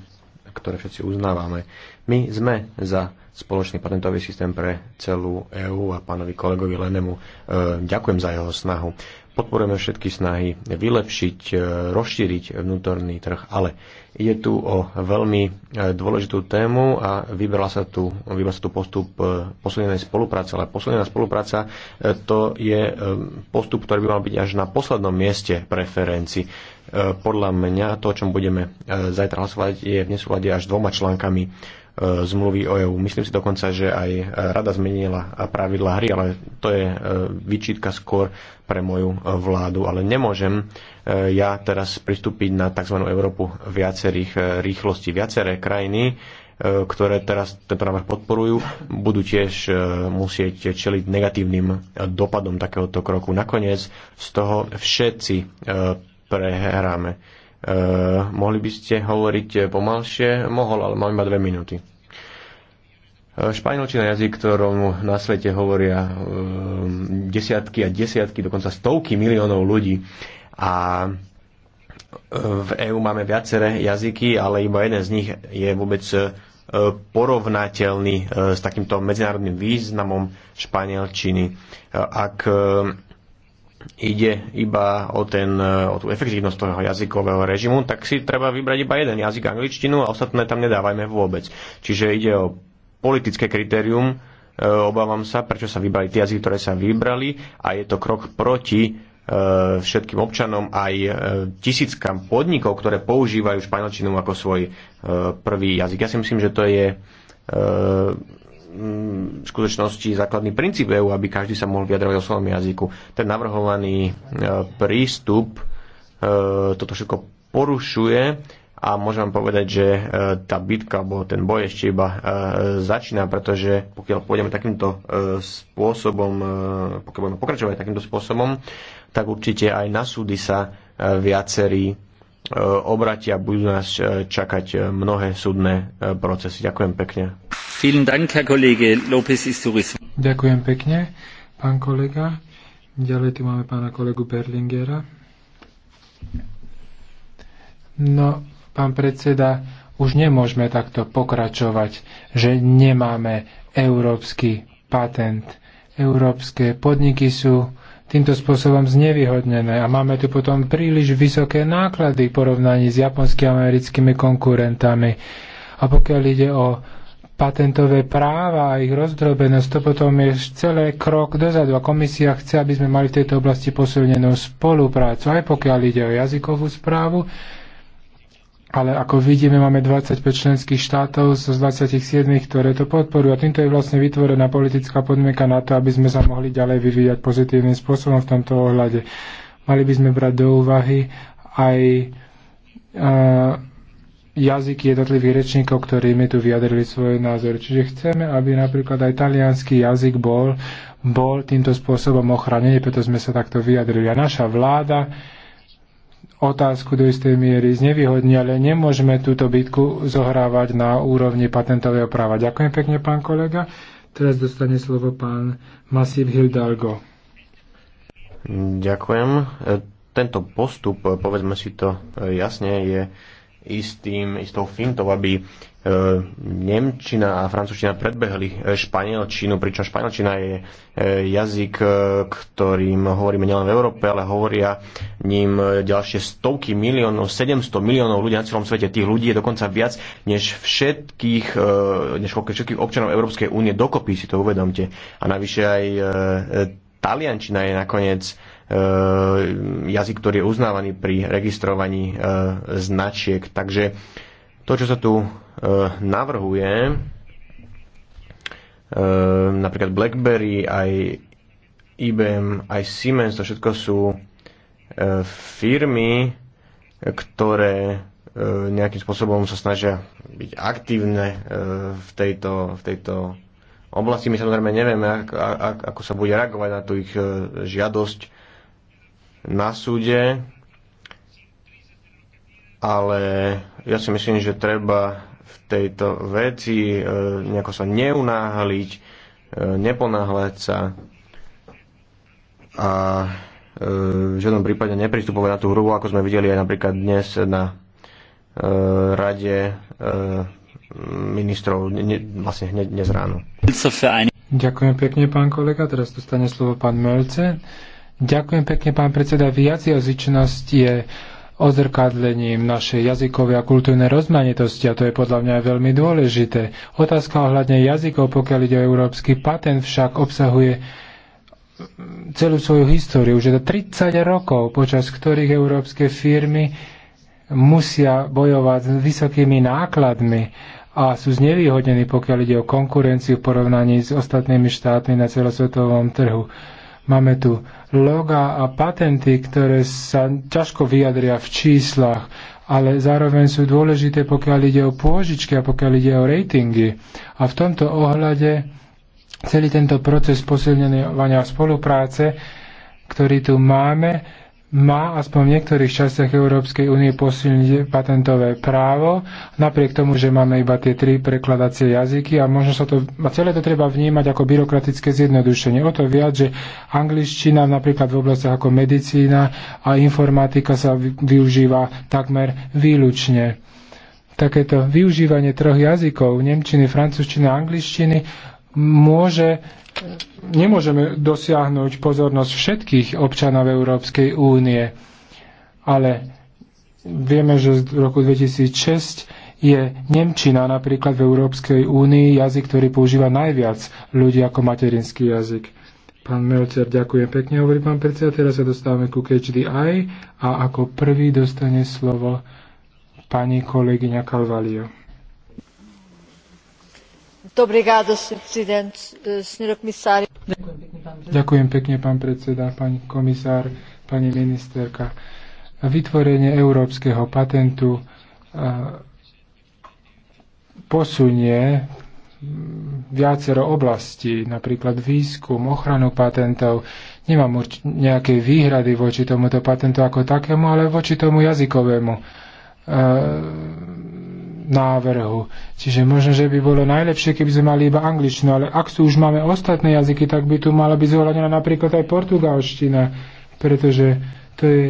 ktoré všetci uznávame. My sme za spoločný patentový systém pre celú EÚ a pánovi kolegovi Lenemu eh, ďakujem za jeho snahu podporujeme všetky snahy vylepšiť, e, rozšíriť vnútorný trh, ale je tu o veľmi e, dôležitú tému a vybrala sa tu, vybral sa tu postup e, poslednej spolupráce, ale posledná spolupráca to je postup, ktorý by mal byť až na poslednom mieste preferenci. Podľa mňa to, o čom budeme zajtra hlasovať, je v nesúlade až dvoma článkami E, zmluvy o EU. Myslím si dokonca, že aj rada zmenila pravidla hry, ale to je e, vyčítka skôr pre moju e, vládu. Ale nemôžem ja teraz pristúpiť na tzv. Európu viacerých rýchlostí. Viaceré krajiny ktoré teraz tento návrh podporujú, budú tiež musieť čeliť negatívnym dopadom takéhoto kroku. Nakoniec z toho všetci prehráme Uh, mohli by ste hovoriť pomalšie? Mohol, ale mám iba dve minúty. Uh, španielčina jazyk, ktorom na svete hovoria uh, desiatky a desiatky, dokonca stovky miliónov ľudí. A v EÚ máme viaceré jazyky, ale iba jeden z nich je vôbec porovnateľný s takýmto medzinárodným významom španielčiny. Ak ide iba o, ten, e, o tú efektívnosť toho jazykového režimu, tak si treba vybrať iba jeden jazyk, angličtinu a ostatné tam nedávajme vôbec. Čiže ide o politické kritérium, e, obávam sa, prečo sa vybrali tie jazyky, ktoré sa vybrali a je to krok proti e, všetkým občanom aj tisíckam podnikov, ktoré používajú španielčinu ako svoj prvý jazyk. Ja si myslím, že to je v mm, skutočnosti základný princíp EU, aby každý sa mohol vyjadrovať o svojom jazyku. Ten navrhovaný e, prístup e, toto všetko porušuje a môžem vám povedať, že e, tá bitka alebo ten boj ešte iba začína, pretože pokiaľ pôjdeme takýmto spôsobom, pokiaľ budeme pokračovať takýmto spôsobom, tak určite aj na súdy sa viacerí obratia, budú nás čakať mnohé súdne procesy. Ďakujem pekne. Ďakujem pekne, pán kolega. Ďalej tu máme pána kolegu Berlingera. No, pán predseda, už nemôžeme takto pokračovať, že nemáme európsky patent. Európske podniky sú týmto spôsobom znevýhodnené a máme tu potom príliš vysoké náklady v porovnaní s japonskými a americkými konkurentami. A pokiaľ ide o patentové práva a ich rozdrobenosť, to potom je celé krok dozadu a komisia chce, aby sme mali v tejto oblasti posilnenú spoluprácu, aj pokiaľ ide o jazykovú správu, ale ako vidíme, máme 25 členských štátov z 27, ktoré to podporujú. A týmto je vlastne vytvorená politická podmienka na to, aby sme sa mohli ďalej vyvíjať pozitívnym spôsobom v tomto ohľade. Mali by sme brať do úvahy aj uh, jazyky jednotlivých rečníkov, ktorí mi tu vyjadrili svoje názory. Čiže chceme, aby napríklad aj talianský jazyk bol, bol týmto spôsobom ochránený, preto sme sa takto vyjadrili. A naša vláda otázku do istej miery znevýhodní, ale nemôžeme túto bitku zohrávať na úrovni patentového práva. Ďakujem pekne, pán kolega. Teraz dostane slovo pán Masiv Hildalgo. Ďakujem. Tento postup, povedzme si to e, jasne, je istým, istou fintou, aby e, Nemčina a Francúzština predbehli e, Španielčinu, pričom Španielčina je e, jazyk, ktorým hovoríme nielen v Európe, ale hovoria ním ďalšie stovky miliónov, 700 miliónov ľudí na celom svete. Tých ľudí je dokonca viac než všetkých, než všetkých občanov Európskej únie. Dokopy si to uvedomte. A navyše aj Taliančina je nakoniec E, jazyk, ktorý je uznávaný pri registrovaní e, značiek. Takže to, čo sa tu e, navrhuje, napríklad BlackBerry, aj IBM, aj Siemens, to všetko sú firmy, ktoré nejakým spôsobom sa snažia byť aktívne v tejto, v tejto oblasti. My samozrejme nevieme, ako sa bude reagovať na tú ich žiadosť na súde, ale ja si myslím, že treba v tejto veci e, nejako sa neunáhliť, e, neponáhľať sa a e, v žiadnom prípade nepristupovať na tú hrubu, ako sme videli aj napríklad dnes na rade ministrov ne, vlastne hneď dnes ráno. Ďakujem pekne, pán kolega. Teraz dostane slovo pán Melce. Ďakujem pekne, pán predseda. jazyčnosť je ozrkadlením našej jazykovej a kultúrnej rozmanitosti a to je podľa mňa veľmi dôležité. Otázka ohľadne jazykov, pokiaľ ide o európsky patent, však obsahuje celú svoju históriu, už je to 30 rokov, počas ktorých európske firmy musia bojovať s vysokými nákladmi a sú znevýhodnení, pokiaľ ide o konkurenciu v porovnaní s ostatnými štátmi na celosvetovom trhu. Máme tu loga a patenty, ktoré sa ťažko vyjadria v číslach, ale zároveň sú dôležité, pokiaľ ide o pôžičky a pokiaľ ide o ratingy. A v tomto ohľade celý tento proces posilňovania spolupráce, ktorý tu máme, má aspoň v niektorých častiach Európskej únie posilniť patentové právo, napriek tomu, že máme iba tie tri prekladacie jazyky a možno sa to, a celé to treba vnímať ako byrokratické zjednodušenie. O to viac, že angličtina napríklad v oblastiach ako medicína a informatika sa využíva takmer výlučne. Takéto využívanie troch jazykov, nemčiny, francúzštiny a angličtiny, môže nemôžeme dosiahnuť pozornosť všetkých občanov Európskej únie, ale vieme, že z roku 2006 je Nemčina napríklad v Európskej únii jazyk, ktorý používa najviac ľudí ako materinský jazyk. Pán Melcer, ďakujem pekne, hovorí pán predseda. Teraz sa dostávame ku KHDI a ako prvý dostane slovo pani kolegyňa Kalvalio. Eh, Ďakujem pekne, pán predseda, pán komisár, pani ministerka. Vytvorenie európskeho patentu eh, posunie viacero oblastí, napríklad výskum, ochranu patentov. Nemám nejaké výhrady voči tomuto patentu ako takému, ale voči tomu jazykovému eh, návrhu. Čiže možno, že by bolo najlepšie, keby sme mali iba angličtinu, ale ak tu už máme ostatné jazyky, tak by tu mala byť zohľadená napríklad aj portugalština, pretože to je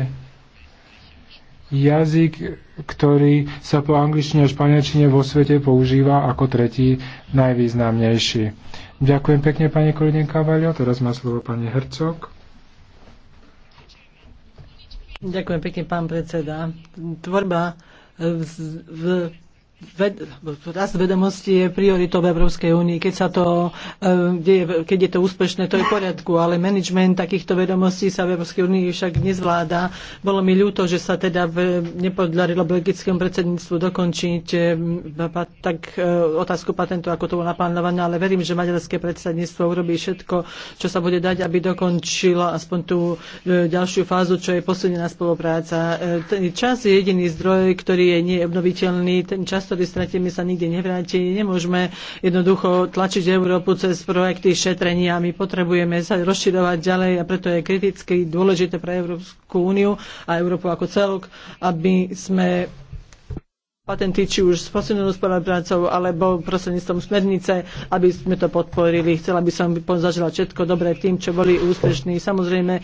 jazyk, ktorý sa po angličtine a španielčine vo svete používa ako tretí najvýznamnejší. Ďakujem pekne, pani kolegyne Kavalio. Teraz má slovo pani Hercog. Ďakujem pekne, pán predseda. Tvorba v, v rast vedomosti je prioritou v Európskej únii. Keď, sa to, e, keď je to úspešné, to je v poriadku, ale management takýchto vedomostí sa v Európskej únii však nezvláda. Bolo mi ľúto, že sa teda v, nepodarilo belgickému predsedníctvu dokončiť e, no, tak e, otázku patentu, ako to bolo naplánované, ale verím, že maďarské predsedníctvo urobí všetko, čo sa bude dať, aby dokončilo aspoň tú ďalšiu fázu, čo je posilnená spolupráca. Ten čas je jediný zdroj, ktorý je neobnoviteľný. Ten čas ktorý stratíme, sa nikdy nevráti. Nemôžeme jednoducho tlačiť Európu cez projekty šetrenia. My potrebujeme sa rozširovať ďalej a preto je kriticky dôležité pre Európsku úniu a Európu ako celok, aby sme patenty, či už s posunenou spoluprácou alebo prostredníctvom smernice, aby sme to podporili. Chcela by som zažila všetko dobré tým, čo boli úspešní. Samozrejme, e,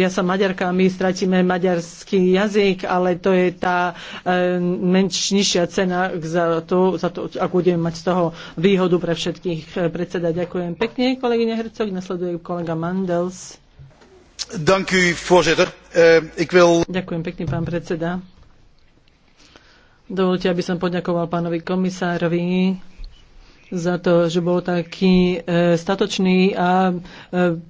ja som Maďarka, my stratíme maďarský jazyk, ale to je tá e, menš, cena za to, za to, ak budeme mať z toho výhodu pre všetkých. E, predseda, ďakujem pekne, kolegyne Hercog. Nasleduje kolega Mandels. Dank u, voorzitter. Uh, ik wil... Ďakujem pekne, pán predseda. Dovolte, aby som poďakoval pánovi komisárovi za to, že bol taký e, statočný a e,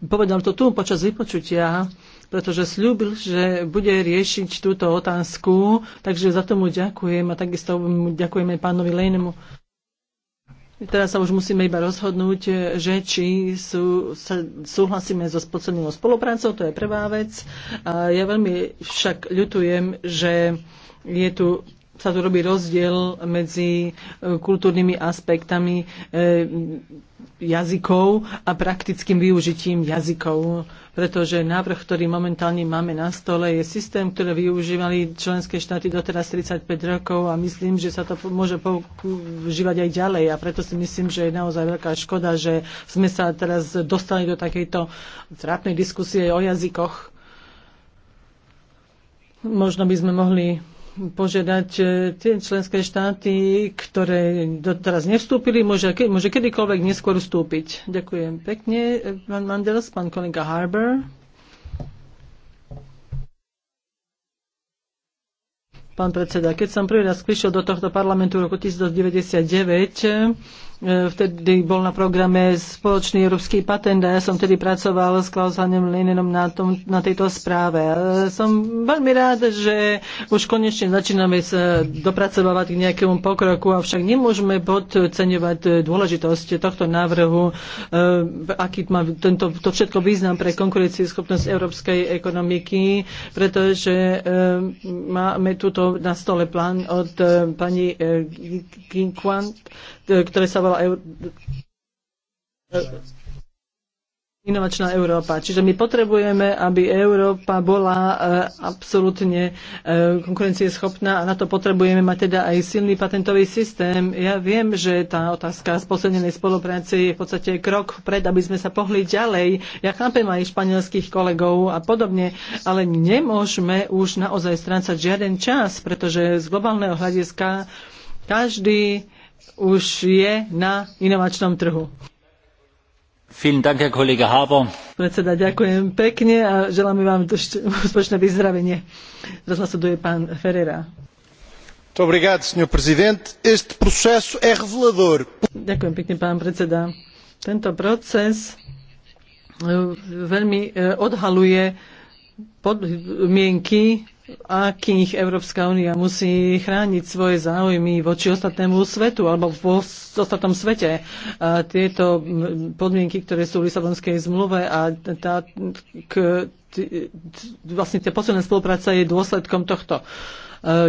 povedal to tu počas vypočutia, pretože slúbil, že bude riešiť túto otázku, takže za tomu ďakujem a takisto mu ďakujeme pánovi Lejnemu. Teraz sa už musíme iba rozhodnúť, e, že či sú, sa, súhlasíme so podstatnou spoluprácou, to je prvá vec. A ja veľmi však ľutujem, že je tu sa tu robí rozdiel medzi e, kultúrnymi aspektami e, jazykov a praktickým využitím jazykov, pretože návrh, ktorý momentálne máme na stole, je systém, ktorý využívali členské štáty doteraz 35 rokov a myslím, že sa to môže používať aj ďalej a preto si myslím, že je naozaj veľká škoda, že sme sa teraz dostali do takejto trápnej diskusie o jazykoch. Možno by sme mohli požiadať e, tie členské štáty, ktoré doteraz nevstúpili, môže, môže kedykoľvek neskôr vstúpiť. Ďakujem pekne, e, pán Mandels, pán kolega Harber. Pán predseda, keď som prvý raz prišiel do tohto parlamentu v roku 1999, E, vtedy bol na programe spoločný európsky patent a ja som tedy pracoval s Klausanem Leninom na, tom, na tejto správe. E, som veľmi rád, že už konečne začíname sa dopracovať k nejakému pokroku, avšak nemôžeme podceňovať dôležitosť tohto návrhu, e, aký má tento, to všetko význam pre konkurencieschopnosť európskej ekonomiky, pretože máme tuto na stole plán od pani Kinkwant, ktoré sa predstavovala Eur... inovačná Európa. Čiže my potrebujeme, aby Európa bola e, absolútne e, konkurencieschopná a na to potrebujeme mať teda aj silný patentový systém. Ja viem, že tá otázka z poslednej spolupráce je v podstate krok pred, aby sme sa pohli ďalej. Ja chápem aj španielských kolegov a podobne, ale nemôžeme už naozaj strácať žiaden čas, pretože z globálneho hľadiska každý už je na inovačnom trhu. Vielen Dank, Herr Kollege Haber. Predseda, ďakujem pekne a želám vám úspešné vyzdravenie. Zas pán Ferreira. Obrigado, presidente. este processo é revelador. Ďakujem pekne, pán predseda. Tento proces eh, veľmi eh, odhaluje podmienky akých Európska únia musí chrániť svoje záujmy voči ostatnému svetu alebo v ostatnom svete. A tieto podmienky, ktoré sú v Lisabonskej zmluve a tá, k, t, vlastne tá posledná spolupráca je dôsledkom tohto. E,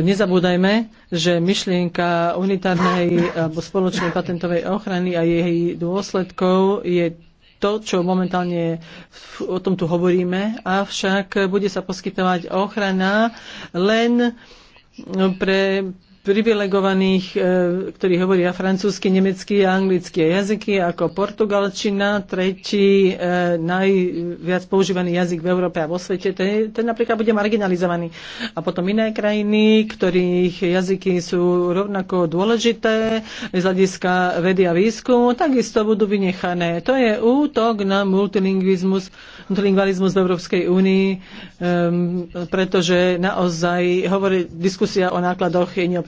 nezabúdajme, že myšlienka unitárnej alebo spoločnej patentovej ochrany a jej dôsledkov je to, čo momentálne o tom tu hovoríme, avšak bude sa poskytovať ochrana len pre privilegovaných, e, ktorí hovoria francúzsky, nemecky a anglické jazyky, ako portugalčina, tretí e, najviac používaný jazyk v Európe a vo svete, ten, ten napríklad bude marginalizovaný. A potom iné krajiny, ktorých jazyky sú rovnako dôležité z hľadiska vedy a výskumu, takisto budú vynechané. To je útok na multilingvizmus, multilingvalizmus v Európskej únii, um, pretože naozaj hovorí, diskusia o nákladoch je neopravdivá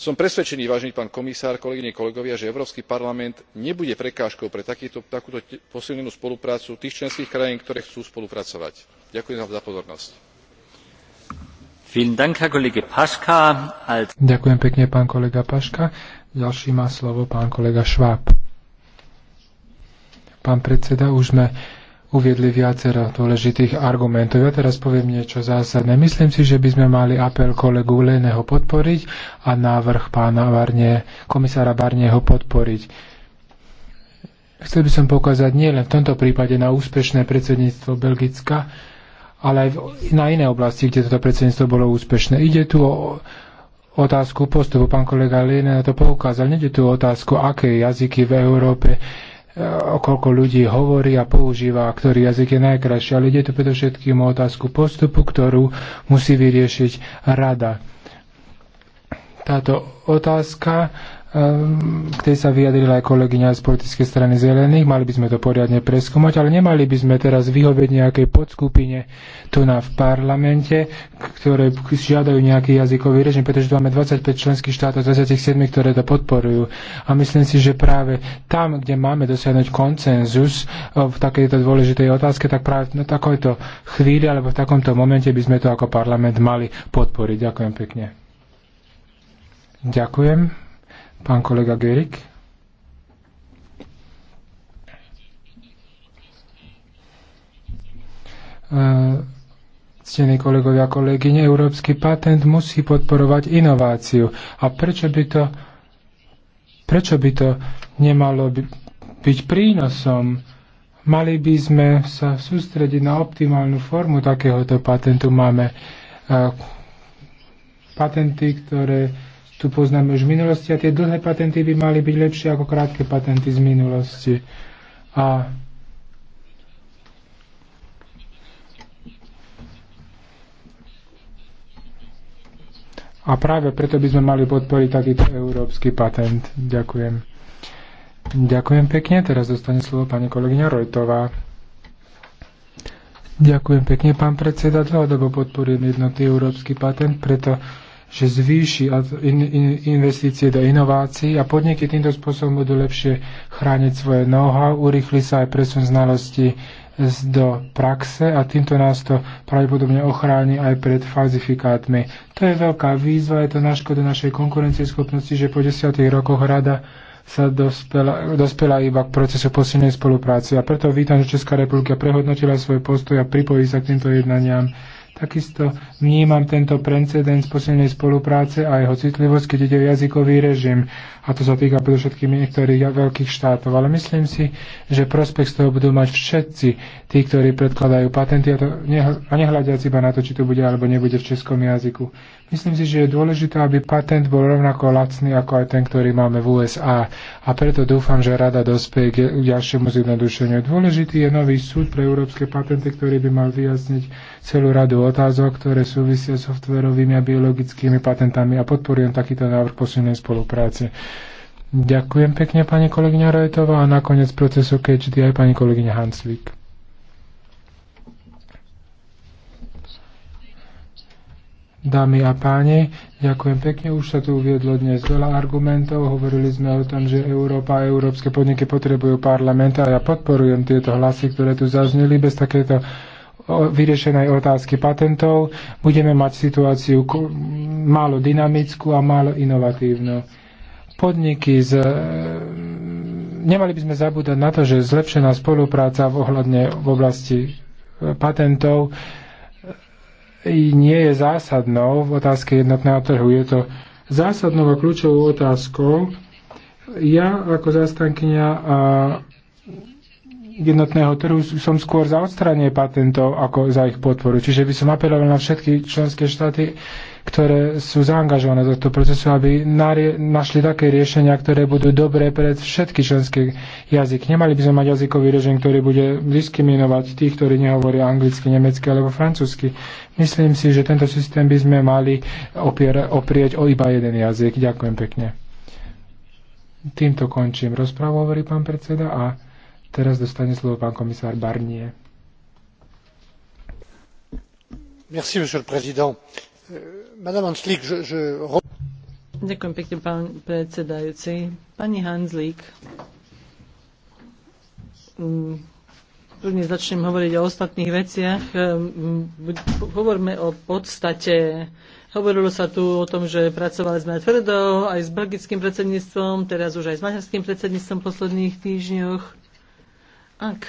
som presvedčený vážený pán komisár kolegyne kolegovia že európsky parlament nebude prekážkou pre takúto posilnenú spoluprácu tých členských krajín ktoré chcú spolupracovať. ďakujem vám za pozornosť. pán predseda, už sme uviedli viacero dôležitých argumentov. Ja teraz poviem niečo zásadné. Myslím si, že by sme mali apel kolegu Leného podporiť a návrh pána Barnie, komisára Barnieho podporiť. Chcel by som pokázať nielen v tomto prípade na úspešné predsedníctvo Belgicka, ale aj na iné oblasti, kde toto predsedníctvo bolo úspešné. Ide tu o otázku postupu. Pán kolega Lene na to poukázal. Nede tu o otázku, aké jazyky v Európe o koľko ľudí hovorí a používa, ktorý jazyk je najkrajší. Ale ide tu predovšetkým o otázku postupu, ktorú musí vyriešiť rada. Táto otázka Ehm, k tej sa vyjadrila aj kolegyňa z politickej strany zelených, mali by sme to poriadne preskúmať, ale nemali by sme teraz vyhovieť nejakej podskupine tu na v parlamente, ktoré žiadajú nejaký jazykový režim, pretože tu máme 25 členských štátov, 27, ktoré to podporujú. A myslím si, že práve tam, kde máme dosiahnuť koncenzus eh, v takejto dôležitej otázke, tak práve na takojto chvíli alebo v takomto momente by sme to ako parlament mali podporiť. Ďakujem pekne. Ďakujem. Pán kolega Gerik. E, ctení kolegovia kolegyne, európsky patent musí podporovať inováciu. A prečo by to, prečo by to nemalo by, byť prínosom? Mali by sme sa sústrediť na optimálnu formu takéhoto patentu. Máme uh, patenty, ktoré tu poznáme už v minulosti a tie dlhé patenty by mali byť lepšie ako krátke patenty z minulosti. A A práve preto by sme mali podporiť takýto európsky patent. Ďakujem. Ďakujem pekne. Teraz dostane slovo pani kolegyňa Rojtová. Ďakujem pekne, pán predseda. Dlhodobo podporujem jednotný európsky patent, preto že zvýši investície do inovácií a podniky týmto spôsobom budú lepšie chrániť svoje know-how, urýchli sa aj presun znalosti do praxe a týmto nás to pravdepodobne ochráni aj pred falzifikátmi. To je veľká výzva, je to na škodu našej konkurencieschopnosti, že po desiatých rokoch rada sa dospela, dospela iba k procesu posilnej spolupráce. A preto vítam, že Česká republika prehodnotila svoj postoj a pripojí sa k týmto jednaniam Takisto vnímam tento precedens posilnej spolupráce a jeho citlivosť, keď ide o jazykový režim a to sa týka predovšetkým niektorých veľkých štátov. Ale myslím si, že prospekt z toho budú mať všetci tí, ktorí predkladajú patenty a, to a nehľadiac iba na to, či to bude alebo nebude v českom jazyku. Myslím si, že je dôležité, aby patent bol rovnako lacný ako aj ten, ktorý máme v USA. A preto dúfam, že rada dospeje k ďalšiemu zjednodušeniu. Dôležitý je nový súd pre európske patenty, ktorý by mal vyjasniť celú radu otázok, ktoré súvisia s softverovými a biologickými patentami a podporujem takýto návrh posilnej spolupráce. Ďakujem pekne, pani kolegyňa Rajtová. A nakoniec procesu KHD aj pani kolegyňa Hanslík. Dámy a páni, ďakujem pekne. Už sa tu uviedlo dnes veľa argumentov. Hovorili sme o tom, že Európa a európske podniky potrebujú parlament a ja podporujem tieto hlasy, ktoré tu zazneli bez takéto vyriešenej otázky patentov. Budeme mať situáciu málo dynamickú a málo inovatívnu podniky z e, nemali by sme zabúdať na to, že zlepšená spolupráca v ohľadne v oblasti e, patentov e, nie je zásadnou v otázke jednotného trhu. Je to zásadnou a kľúčovou otázkou. Ja ako zastankyňa jednotného trhu som skôr za odstranie patentov ako za ich podporu. Čiže by som apeloval na všetky členské štáty ktoré sú zaangažované do tohto procesu, aby našli také riešenia, ktoré budú dobré pre všetky členské jazyky. Nemali by sme mať jazykový režim, ktorý bude diskriminovať tých, ktorí nehovoria anglicky, nemecky alebo francúzsky. Myslím si, že tento systém by sme mali opier- oprieť o iba jeden jazyk. Ďakujem pekne. Týmto končím rozprávu, hovorí pán predseda, a teraz dostane slovo pán komisár Barnier. Merci, monsieur le président euh, Ďakujem pekne, pán predsedajúci. Pani Hanzlík, prvne mm, začnem hovoriť o ostatných veciach. Ehm, hovorme o podstate. Hovorilo sa tu o tom, že pracovali sme tvrdo aj s belgickým predsedníctvom, teraz už aj s maďarským predsedníctvom v posledných týždňoch. Ak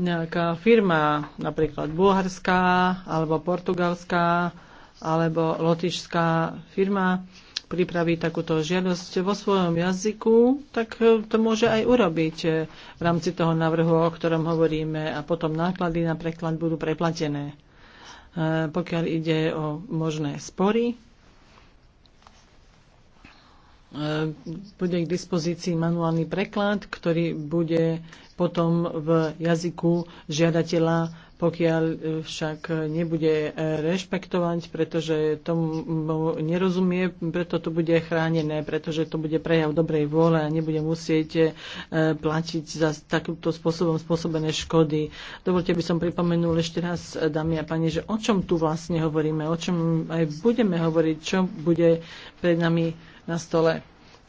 nejaká firma, napríklad bulharská alebo portugalská, alebo lotičská firma pripraví takúto žiadosť vo svojom jazyku, tak e, to môže aj urobiť e, v rámci toho návrhu, o ktorom hovoríme a potom náklady na preklad budú preplatené. E, pokiaľ ide o možné spory, bude k dispozícii manuálny preklad, ktorý bude potom v jazyku žiadateľa pokiaľ e, však e, nebude e, rešpektovať, pretože tomu nerozumie, preto to bude chránené, pretože to bude prejav dobrej vôle a nebude musieť platiť za takýmto spôsobom spôsobené škody. Dovolte by som pripomenul ešte raz, dámy a pani, že o čom tu vlastne hovoríme, o čom aj budeme hovoriť, čo bude pred nami na stole.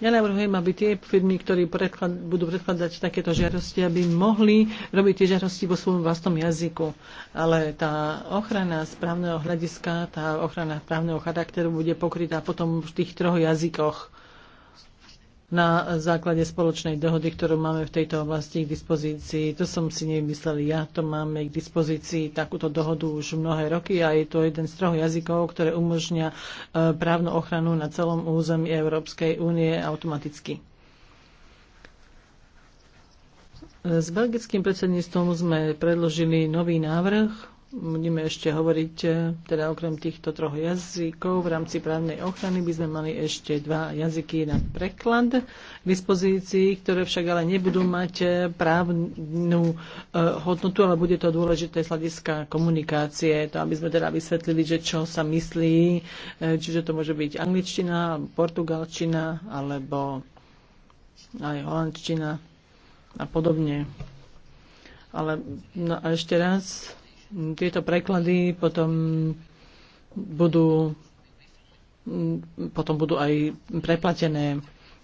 Ja navrhujem, aby tie firmy, ktorí predklad, budú predkladať takéto žiarosti, aby mohli robiť tie žiarosti vo svojom vlastnom jazyku. Ale tá ochrana správneho hľadiska, tá ochrana právneho charakteru bude pokrytá potom v tých troch jazykoch na základe spoločnej dohody, ktorú máme v tejto oblasti k dispozícii. To som si nevymyslel ja, to máme k dispozícii takúto dohodu už mnohé roky a je to jeden z troch jazykov, ktoré umožňa e, právnu ochranu na celom území Európskej únie automaticky. E, s belgickým predsedníctvom sme predložili nový návrh budeme ešte hovoriť, e, teda okrem týchto troch jazykov v rámci právnej ochrany by sme mali ešte dva jazyky na preklad k dispozícii, ktoré však ale nebudú mať e, právnu e, hodnotu, ale bude to dôležité z hľadiska komunikácie, to aby sme teda vysvetlili, že čo sa myslí, čiže to môže byť angličtina, portugalčina alebo aj holandčina a podobne. Ale no a ešte raz tieto preklady potom budú, mm, potom budú aj preplatené.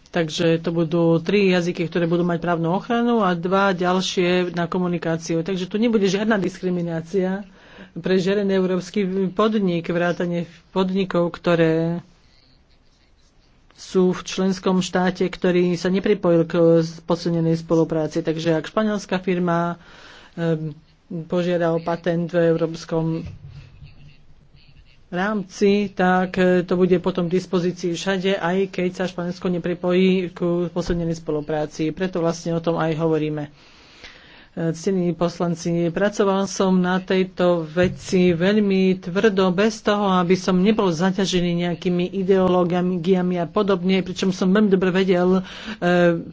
Takže to budú tri jazyky, ktoré budú mať právnu ochranu a dva ďalšie na komunikáciu. Takže tu nebude žiadna diskriminácia pre žeren európsky podnik, vrátanie podnikov, ktoré sú v členskom štáte, ktorý sa nepripojil k posunenej spolupráci. Takže ak španielská firma požiadal patent v Európskom rámci, tak e, to bude potom k dispozícii všade, aj keď sa Španielsko nepripojí k poslednej spolupráci. Preto vlastne o tom aj hovoríme. E, ctení poslanci. Pracoval som na tejto veci veľmi tvrdo, bez toho, aby som nebol zaťažený nejakými ideológiami a podobne, pričom som veľmi dobre vedel, e,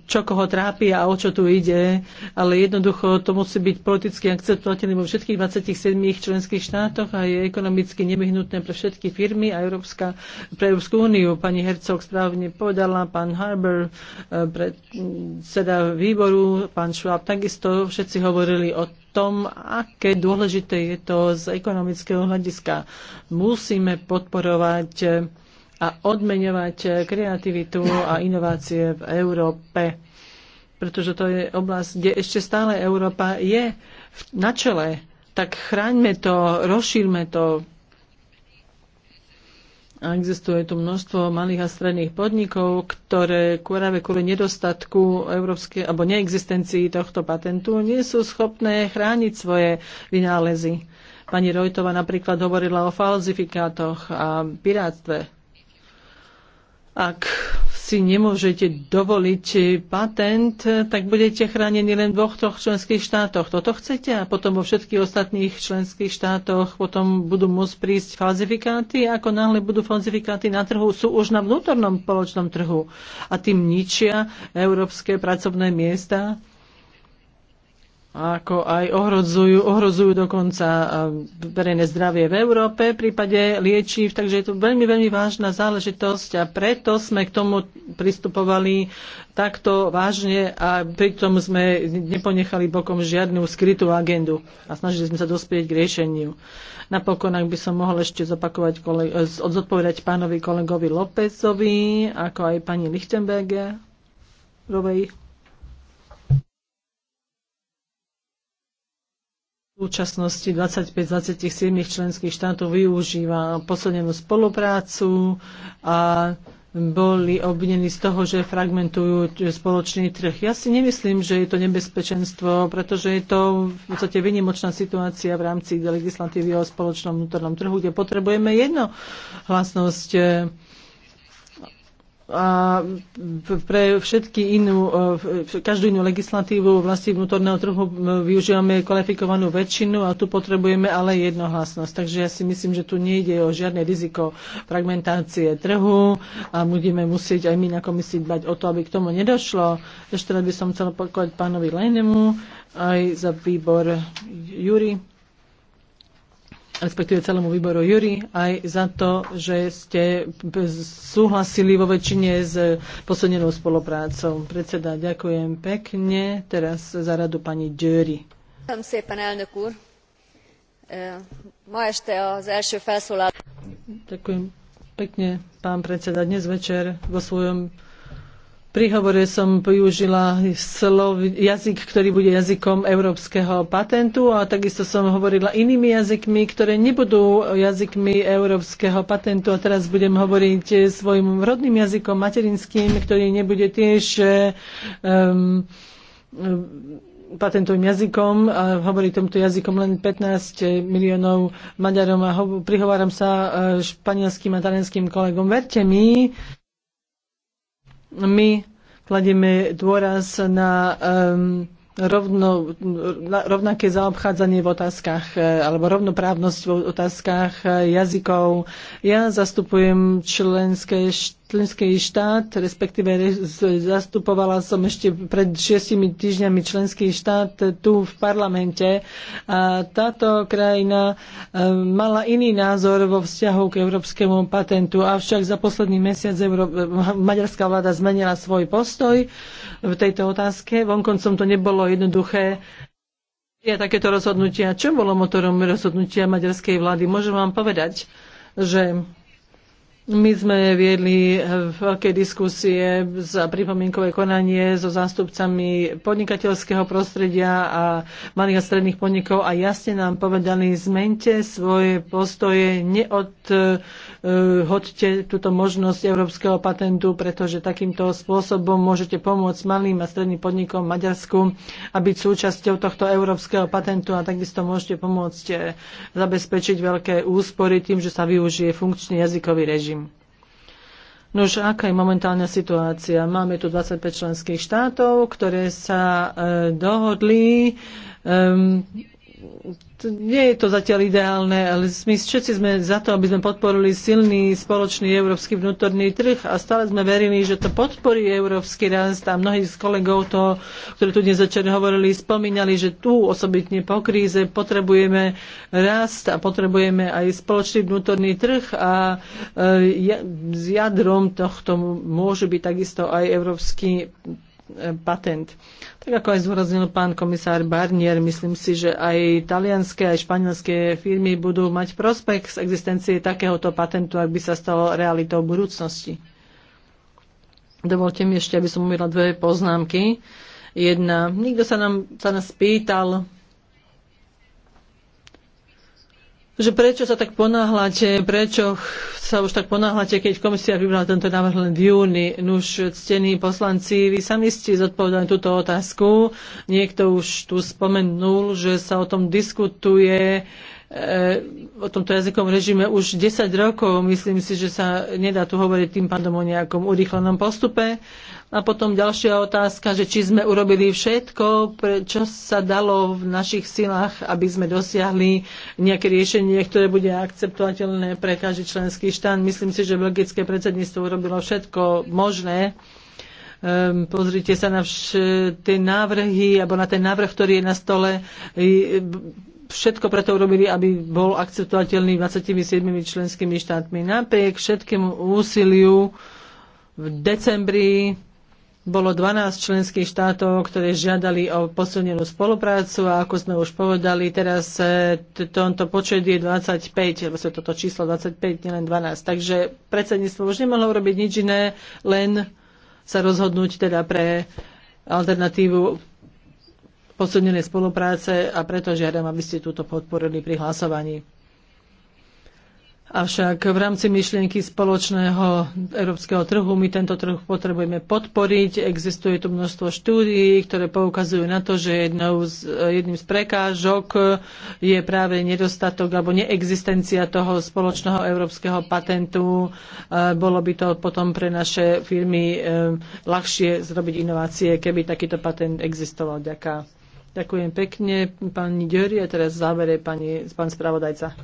čo koho trápi a o čo tu ide, ale jednoducho to musí byť politicky akceptovateľné vo všetkých 27 členských štátoch a je ekonomicky nevyhnutné pre všetky firmy a Európska, pre Európsku úniu. Pani Hercog správne povedala, pán Harber, e, predseda výboru, pán Schwab, takisto všetky všetci hovorili o tom, aké dôležité je to z ekonomického hľadiska. Musíme podporovať a odmeňovať kreativitu a inovácie v Európe, pretože to je oblasť, kde ešte stále Európa je na čele. Tak chráňme to, rozšírme to, a existuje tu množstvo malých a stredných podnikov, ktoré práve kvôli nedostatku európskej alebo neexistencii tohto patentu nie sú schopné chrániť svoje vynálezy. Pani Rojtova napríklad hovorila o falzifikátoch a pirátstve. Ak si nemôžete dovoliť patent, tak budete chránení len v dvoch, troch členských štátoch. Toto chcete a potom vo všetkých ostatných členských štátoch potom budú môcť prísť falzifikáty. Ako náhle budú falzifikáty na trhu, sú už na vnútornom spoločnom trhu a tým ničia európske pracovné miesta ako aj ohrozujú, ohrozujú dokonca eh, verejné zdravie v Európe v prípade liečiv, takže je to veľmi, veľmi vážna záležitosť a preto sme k tomu pristupovali takto vážne a pritom sme neponechali bokom žiadnu skrytú agendu a snažili sme sa dospieť k riešeniu. Napokon, ak by som mohol ešte zopakovať, eh, zodpovedať pánovi kolegovi Lópezovi, ako aj pani Lichtenbergerovej. v súčasnosti 25 27 členských štátov využíva poslednú spoluprácu a boli obvinení z toho, že fragmentujú spoločný trh. Ja si nemyslím, že je to nebezpečenstvo, pretože je to v podstate vynimočná situácia v rámci legislatívy o spoločnom vnútornom trhu, kde potrebujeme hlasnosť a pre všetky inú, e, e, každú inú legislatívu vlastne vnútorného trhu využívame kvalifikovanú väčšinu a tu potrebujeme ale jednohlasnosť. Takže ja si myslím, že tu nejde o žiadne riziko fragmentácie trhu a budeme musieť aj my na komisii dbať o to, aby k tomu nedošlo. Ešte by som chcela pokovať pánovi Lejnemu aj za výbor Júri respektíve celému výboru Jury, aj za to, že ste súhlasili vo väčšine s posunenou spoluprácou. Predseda, ďakujem pekne. Teraz za radu pani Jury. E, ďakujem pekne, pán predseda. Dnes večer vo svojom príhovore som použila slov, jazyk, ktorý bude jazykom európskeho patentu a takisto som hovorila inými jazykmi, ktoré nebudú jazykmi európskeho patentu a teraz budem hovoriť svojim rodným jazykom, materinským, ktorý nebude tiež um, patentovým jazykom a hovorí tomto jazykom len 15 miliónov Maďarom a prihováram sa e, španielským a talianským kolegom. Verte mi, my kladieme dôraz na um, rovno, rovnaké zaobchádzanie v otázkach e, alebo rovnoprávnosť v otázkach e, jazykov. Ja zastupujem členské štáty členský štát, respektíve zastupovala som ešte pred šiestimi týždňami členský štát tu v parlamente a táto krajina e, mala iný názor vo vzťahu k európskemu patentu, avšak za posledný mesiac Euró- e, maďarská vláda zmenila svoj postoj v tejto otázke. Vonkoncom to nebolo jednoduché ja takéto rozhodnutia. Čo bolo motorom rozhodnutia maďarskej vlády? Môžem vám povedať, že my sme viedli veľké diskusie za pripomienkové konanie so zástupcami podnikateľského prostredia a malých a stredných podnikov a jasne nám povedali, zmente svoje postoje, neod E, hoďte túto možnosť európskeho patentu, pretože takýmto spôsobom môžete pomôcť malým a stredným podnikom v Maďarsku a byť súčasťou tohto európskeho patentu a takisto môžete pomôcť e, zabezpečiť veľké úspory tým, že sa využije funkčný jazykový režim. Nož, aká je momentálna situácia? Máme tu 25 členských štátov, ktoré sa e, dohodli E, nie je to zatiaľ ideálne, ale my všetci sme za to, aby sme podporili silný spoločný európsky vnútorný trh a stále sme verili, že to podporí európsky rast a mnohí z kolegov to, ktorí tu dnes večer hovorili, spomínali, že tu osobitne po kríze potrebujeme rast a potrebujeme aj spoločný vnútorný trh a e, jadrom tohto môže byť takisto aj európsky E, patent. Tak ako aj zúraznil pán komisár Barnier, myslím si, že aj talianské, aj španielské firmy budú mať prospekt z existencie takéhoto patentu, ak by sa stalo realitou budúcnosti. Dovolte mi ešte, aby som uvedla dve poznámky. Jedna, nikto sa, nám, sa nás pýtal, že prečo sa tak ponáhľate, prečo sa už tak ponáhľate, keď komisia vybrala tento návrh len v júni. Nuž, ctení poslanci, vy sami ste zodpovedali túto otázku. Niekto už tu spomenul, že sa o tom diskutuje e, o tomto jazykom režime už 10 rokov. Myslím si, že sa nedá tu hovoriť tým pádom o nejakom urýchlenom postupe. A potom ďalšia otázka, že či sme urobili všetko, čo sa dalo v našich silách, aby sme dosiahli nejaké riešenie, ktoré bude akceptovateľné pre každý členský štát. Myslím si, že belgické predsedníctvo urobilo všetko možné. Um, pozrite sa na vš- tie návrhy, alebo na ten návrh, ktorý je na stole. Všetko preto urobili, aby bol akceptovateľný 27 členskými štátmi. Napriek všetkému úsiliu v decembri bolo 12 členských štátov, ktoré žiadali o posilnenú spoluprácu a ako sme už povedali, teraz e, tento počet je 25, lebo sa toto číslo 25, nielen 12. Takže predsedníctvo už nemohlo urobiť nič iné, len sa rozhodnúť teda pre alternatívu posilnenej spolupráce a preto žiadam, aby ste túto podporili pri hlasovaní. Avšak v rámci myšlienky spoločného európskeho trhu my tento trh potrebujeme podporiť. Existuje tu množstvo štúdií, ktoré poukazujú na to, že jednou z, jedným z prekážok je práve nedostatok alebo neexistencia toho spoločného európskeho patentu. Bolo by to potom pre naše firmy e, ľahšie zrobiť inovácie, keby takýto patent existoval. Ďaká. Ďakujem pekne pani Dior, a teraz v závere pani, pán spravodajca.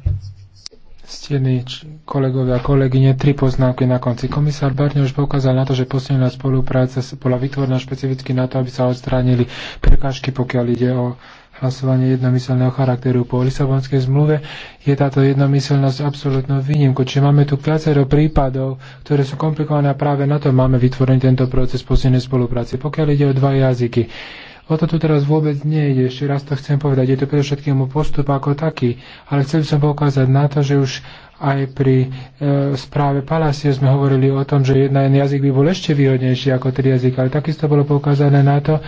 Stení kolegovia a kolegyne, tri poznámky na konci. Komisár Barne už poukázal na to, že posilnená spolupráca bola vytvorená špecificky na to, aby sa odstránili prekážky, pokiaľ ide o hlasovanie jednomyselného charakteru. Po Lisabonskej zmluve je táto jednomyselnosť absolútnou výnimkou. Čiže máme tu viacero prípadov, ktoré sú komplikované a práve na to máme vytvorený tento proces posilnej spolupráce. Pokiaľ ide o dva jazyky, O to tu teraz vôbec nie je, ešte raz to chcem povedať, je to predovšetkým postup ako taký, ale chcel som poukázať na to, že už aj pri e, správe Palacio sme hovorili o tom, že jeden jazyk by bol ešte výhodnejší ako tri jazyky, ale takisto bolo poukázané na to,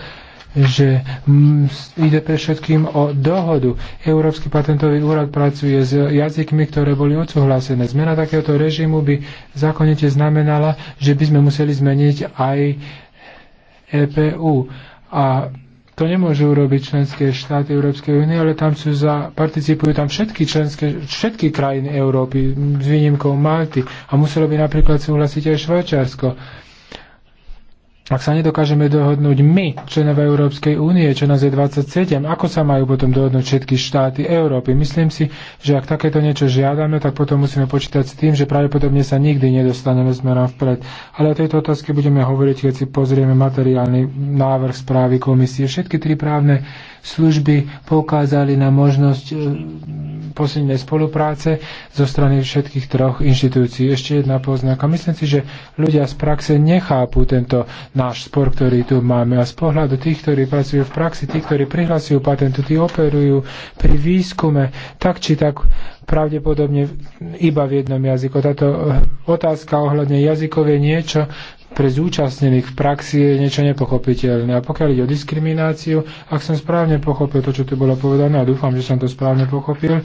že m, ide pre všetkým o dohodu. Európsky patentový úrad pracuje s jazykmi, ktoré boli odsúhlasené. Zmena takéhoto režimu by zákonite znamenala, že by sme museli zmeniť aj EPU. A to nemôžu urobiť členské štáty Európskej únie, ale tam sú za, participujú tam všetky, členské, všetky krajiny Európy s výnimkou Malty. A muselo by napríklad súhlasiť aj Švajčiarsko. Ak sa nedokážeme dohodnúť my, členové Európskej únie, čo nás je 27, ako sa majú potom dohodnúť všetky štáty Európy? Myslím si, že ak takéto niečo žiadame, tak potom musíme počítať s tým, že pravdepodobne sa nikdy nedostaneme smerom vpred. Ale o tejto otázke budeme hovoriť, keď si pozrieme materiálny návrh správy komisie. Všetky tri právne služby poukázali na možnosť e, posilnej spolupráce zo strany všetkých troch inštitúcií. Ešte jedna poznáka. Myslím si, že ľudia z praxe nechápu tento náš spor, ktorý tu máme. A z pohľadu tých, ktorí pracujú v praxi, tí, ktorí prihlasujú patentu, tí operujú pri výskume, tak či tak pravdepodobne iba v jednom jazyku. Táto e, otázka ohľadne jazykov je niečo, pre zúčastnených v praxi je niečo nepochopiteľné. A pokiaľ ide o diskrimináciu, ak som správne pochopil to, čo tu bolo povedané, a dúfam, že som to správne pochopil,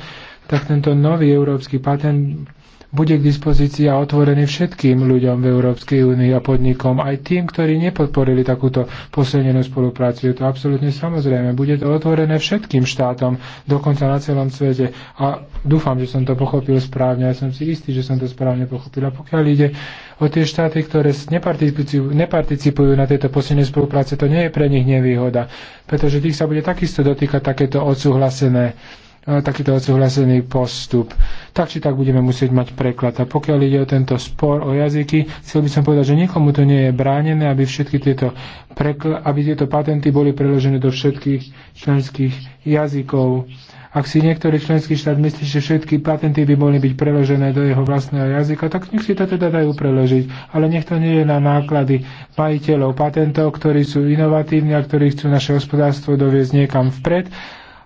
tak tento nový európsky patent bude k dispozícii a otvorený všetkým ľuďom v Európskej únii a podnikom, aj tým, ktorí nepodporili takúto posilnenú spoluprácu. Je to absolútne samozrejme. Bude to otvorené všetkým štátom, dokonca na celom svete. A dúfam, že som to pochopil správne. Ja som si istý, že som to správne pochopil. A pokiaľ ide o tie štáty, ktoré neparticipujú, neparticipujú na tejto posilnenej spolupráce, to nie je pre nich nevýhoda, pretože tých sa bude takisto dotýkať takéto odsúhlasené E, takýto odsúhlasený postup. Tak či tak budeme musieť mať preklad. A pokiaľ ide o tento spor o jazyky, chcel by som povedať, že nikomu to nie je bránené, aby všetky tieto, prekl- aby tieto patenty boli preložené do všetkých členských jazykov. Ak si niektorý členský štát myslí, že všetky patenty by mohli byť preložené do jeho vlastného jazyka, tak nech si to teda dajú preložiť. Ale nech to nie je na náklady majiteľov patentov, ktorí sú inovatívni a ktorí chcú naše hospodárstvo doviezť niekam vpred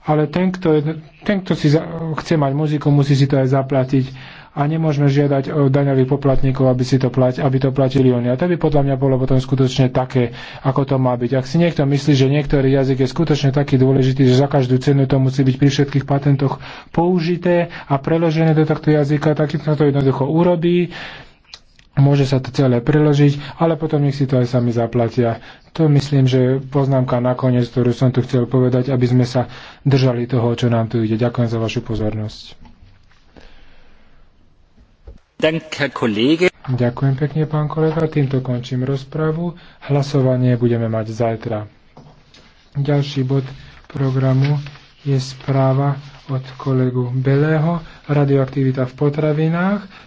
ale ten, kto, je, ten, kto si za, chce mať muziku, musí si to aj zaplatiť a nemôžeme žiadať od daňových poplatníkov, aby, si to plať, aby to platili oni. A to by podľa mňa bolo potom skutočne také, ako to má byť. Ak si niekto myslí, že niektorý jazyk je skutočne taký dôležitý, že za každú cenu to musí byť pri všetkých patentoch použité a preložené do tohto jazyka, tak to jednoducho urobí Môže sa to celé preložiť, ale potom nech si to aj sami zaplatia. To myslím, že poznámka nakoniec, ktorú som tu chcel povedať, aby sme sa držali toho, čo nám tu ide. Ďakujem za vašu pozornosť. Ďakujem pekne, pán kolega. Týmto končím rozpravu. Hlasovanie budeme mať zajtra. Ďalší bod programu je správa od kolegu Belého Radioaktivita v potravinách.